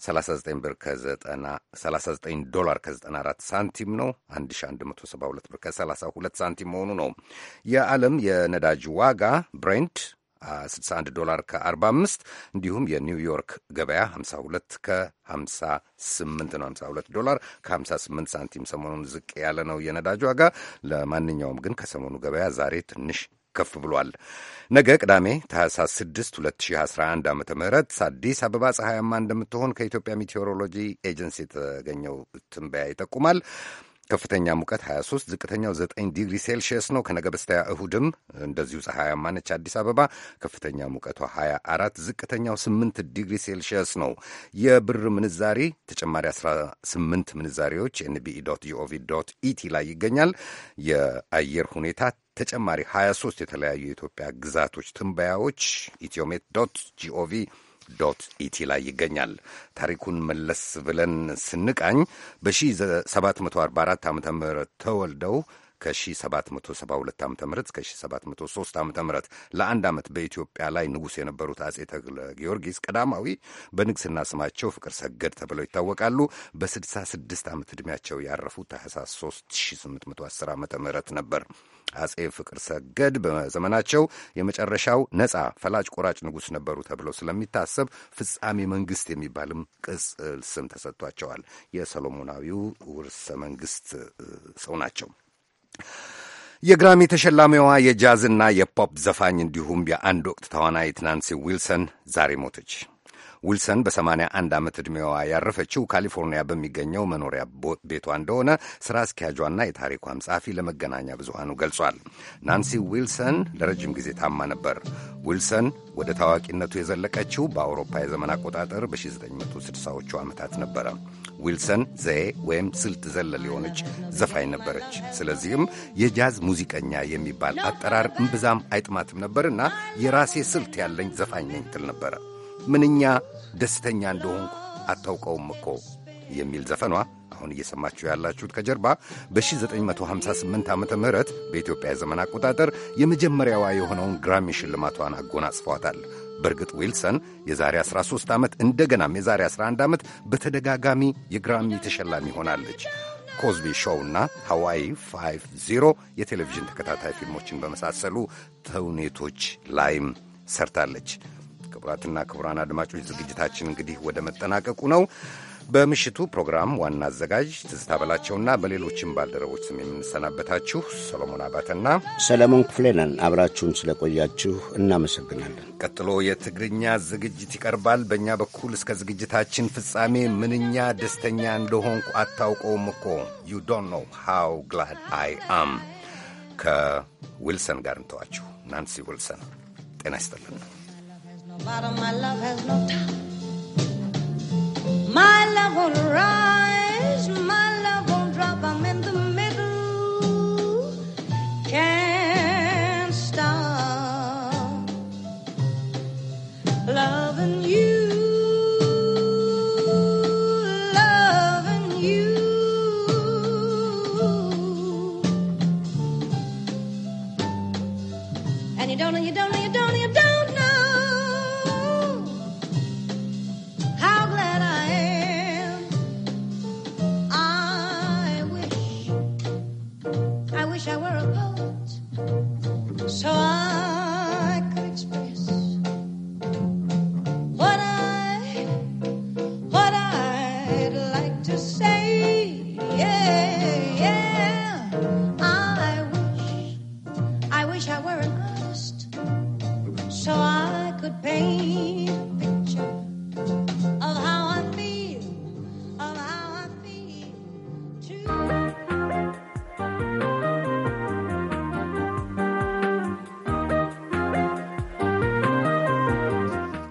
39 ብር ከ39 ዶላር ከ94 ሳንቲም ነው። 1172 ብር ከ32 ሳንቲም መሆኑ ነው። የዓለም የነዳጅ ዋጋ ብሬንድ 61 ዶላር ከ45 እንዲሁም የኒውዮርክ ገበያ 52 ከ58 ነው። 52 ዶላር ከ58 ሳንቲም ሰሞኑን ዝቅ ያለ ነው የነዳጅ ዋጋ። ለማንኛውም ግን ከሰሞኑ ገበያ ዛሬ ትንሽ ከፍ ብሏል። ነገ ቅዳሜ ታህሳስ 6 2011 ዓ ም አዲስ አበባ ፀሐያማ እንደምትሆን ከኢትዮጵያ ሜቴዎሮሎጂ ኤጀንሲ የተገኘው ትንበያ ይጠቁማል። ከፍተኛ ሙቀት 23፣ ዝቅተኛው 9 ዲግሪ ሴልሺየስ ነው። ከነገ በስተያ እሁድም እንደዚሁ ፀሐያማ ነች አዲስ አበባ። ከፍተኛ ሙቀቷ 24፣ ዝቅተኛው 8 ዲግሪ ሴልሺየስ ነው። የብር ምንዛሪ ተጨማሪ 18 ምንዛሪዎች ኤንቢኢ ጂኦቪ ኢቲ ላይ ይገኛል። የአየር ሁኔታ ተጨማሪ 23 የተለያዩ የኢትዮጵያ ግዛቶች ትንበያዎች ኢትዮሜት ዶት ጂኦቪ ዶት ኢቲ ላይ ይገኛል። ታሪኩን መለስ ብለን ስንቃኝ በ744 ዓ ም ተወልደው ከ1772 ዓ ም እስከ 1703 ዓ ም ለአንድ ዓመት በኢትዮጵያ ላይ ንጉሥ የነበሩት አጼ ተክለ ጊዮርጊስ ቀዳማዊ በንግሥና ስማቸው ፍቅር ሰገድ ተብለው ይታወቃሉ። በ66 ዓመት ዕድሜያቸው ያረፉት ታህሳስ 3810 ዓ ም ነበር። አጼ ፍቅር ሰገድ በዘመናቸው የመጨረሻው ነጻ ፈላጭ ቆራጭ ንጉሥ ነበሩ ተብለው ስለሚታሰብ ፍጻሜ መንግሥት የሚባልም ቅጽል ስም ተሰጥቷቸዋል። የሰሎሞናዊው ውርሰ መንግሥት ሰው ናቸው። የግራሚ ተሸላሚዋ የጃዝና የፖፕ ዘፋኝ እንዲሁም የአንድ ወቅት ተዋናይት ናንሲ ዊልሰን ዛሬ ሞተች። ዊልሰን በ81 ዓመት ዕድሜዋ ያረፈችው ካሊፎርኒያ በሚገኘው መኖሪያ ቤቷ እንደሆነ ሥራ አስኪያጇና የታሪኳም ጸሐፊ ለመገናኛ ብዙሃኑ ገልጿል። ናንሲ ዊልሰን ለረጅም ጊዜ ታማ ነበር። ዊልሰን ወደ ታዋቂነቱ የዘለቀችው በአውሮፓ የዘመን አቆጣጠር በ1960ዎቹ ዓመታት ነበረ። ዊልሰን ዘዬ ወይም ስልት ዘለል የሆነች ዘፋኝ ነበረች። ስለዚህም የጃዝ ሙዚቀኛ የሚባል አጠራር እምብዛም አይጥማትም ነበርና የራሴ ስልት ያለኝ ዘፋኝ ነኝ ትል ነበረ። ምንኛ ደስተኛ እንደሆንኩ አታውቀውም እኮ የሚል ዘፈኗ አሁን እየሰማችሁ ያላችሁት ከጀርባ በ1958 ዓ ም በኢትዮጵያ የዘመን አቆጣጠር የመጀመሪያዋ የሆነውን ግራሚ ሽልማቷን አጎናጽፏታል። በእርግጥ ዊልሰን የዛሬ 13 ዓመት እንደገናም የዛሬ 11 ዓመት በተደጋጋሚ የግራሚ ተሸላሚ ሆናለች። ኮዝቢ ሾው እና ሐዋይ 50 የቴሌቪዥን ተከታታይ ፊልሞችን በመሳሰሉ ተውኔቶች ላይም ሰርታለች። ክቡራትና ክቡራን አድማጮች ዝግጅታችን እንግዲህ ወደ መጠናቀቁ ነው። በምሽቱ ፕሮግራም ዋና አዘጋጅ ትዝታ በላቸውና በሌሎችም ባልደረቦች ስም የምንሰናበታችሁ ሰሎሞን አባተና ሰለሞን ክፍሌ ነን። አብራችሁን ስለቆያችሁ እናመሰግናለን። ቀጥሎ የትግርኛ ዝግጅት ይቀርባል። በእኛ በኩል እስከ ዝግጅታችን ፍጻሜ ምንኛ ደስተኛ እንደሆንኩ አታውቀውም እኮ ዩ ዶንት ኖው ሃው ግላድ አይ አም ከዊልሰን ጋር እንተዋችሁ። ናንሲ ዊልሰን ጤና ይስጥልን። My love will rise, my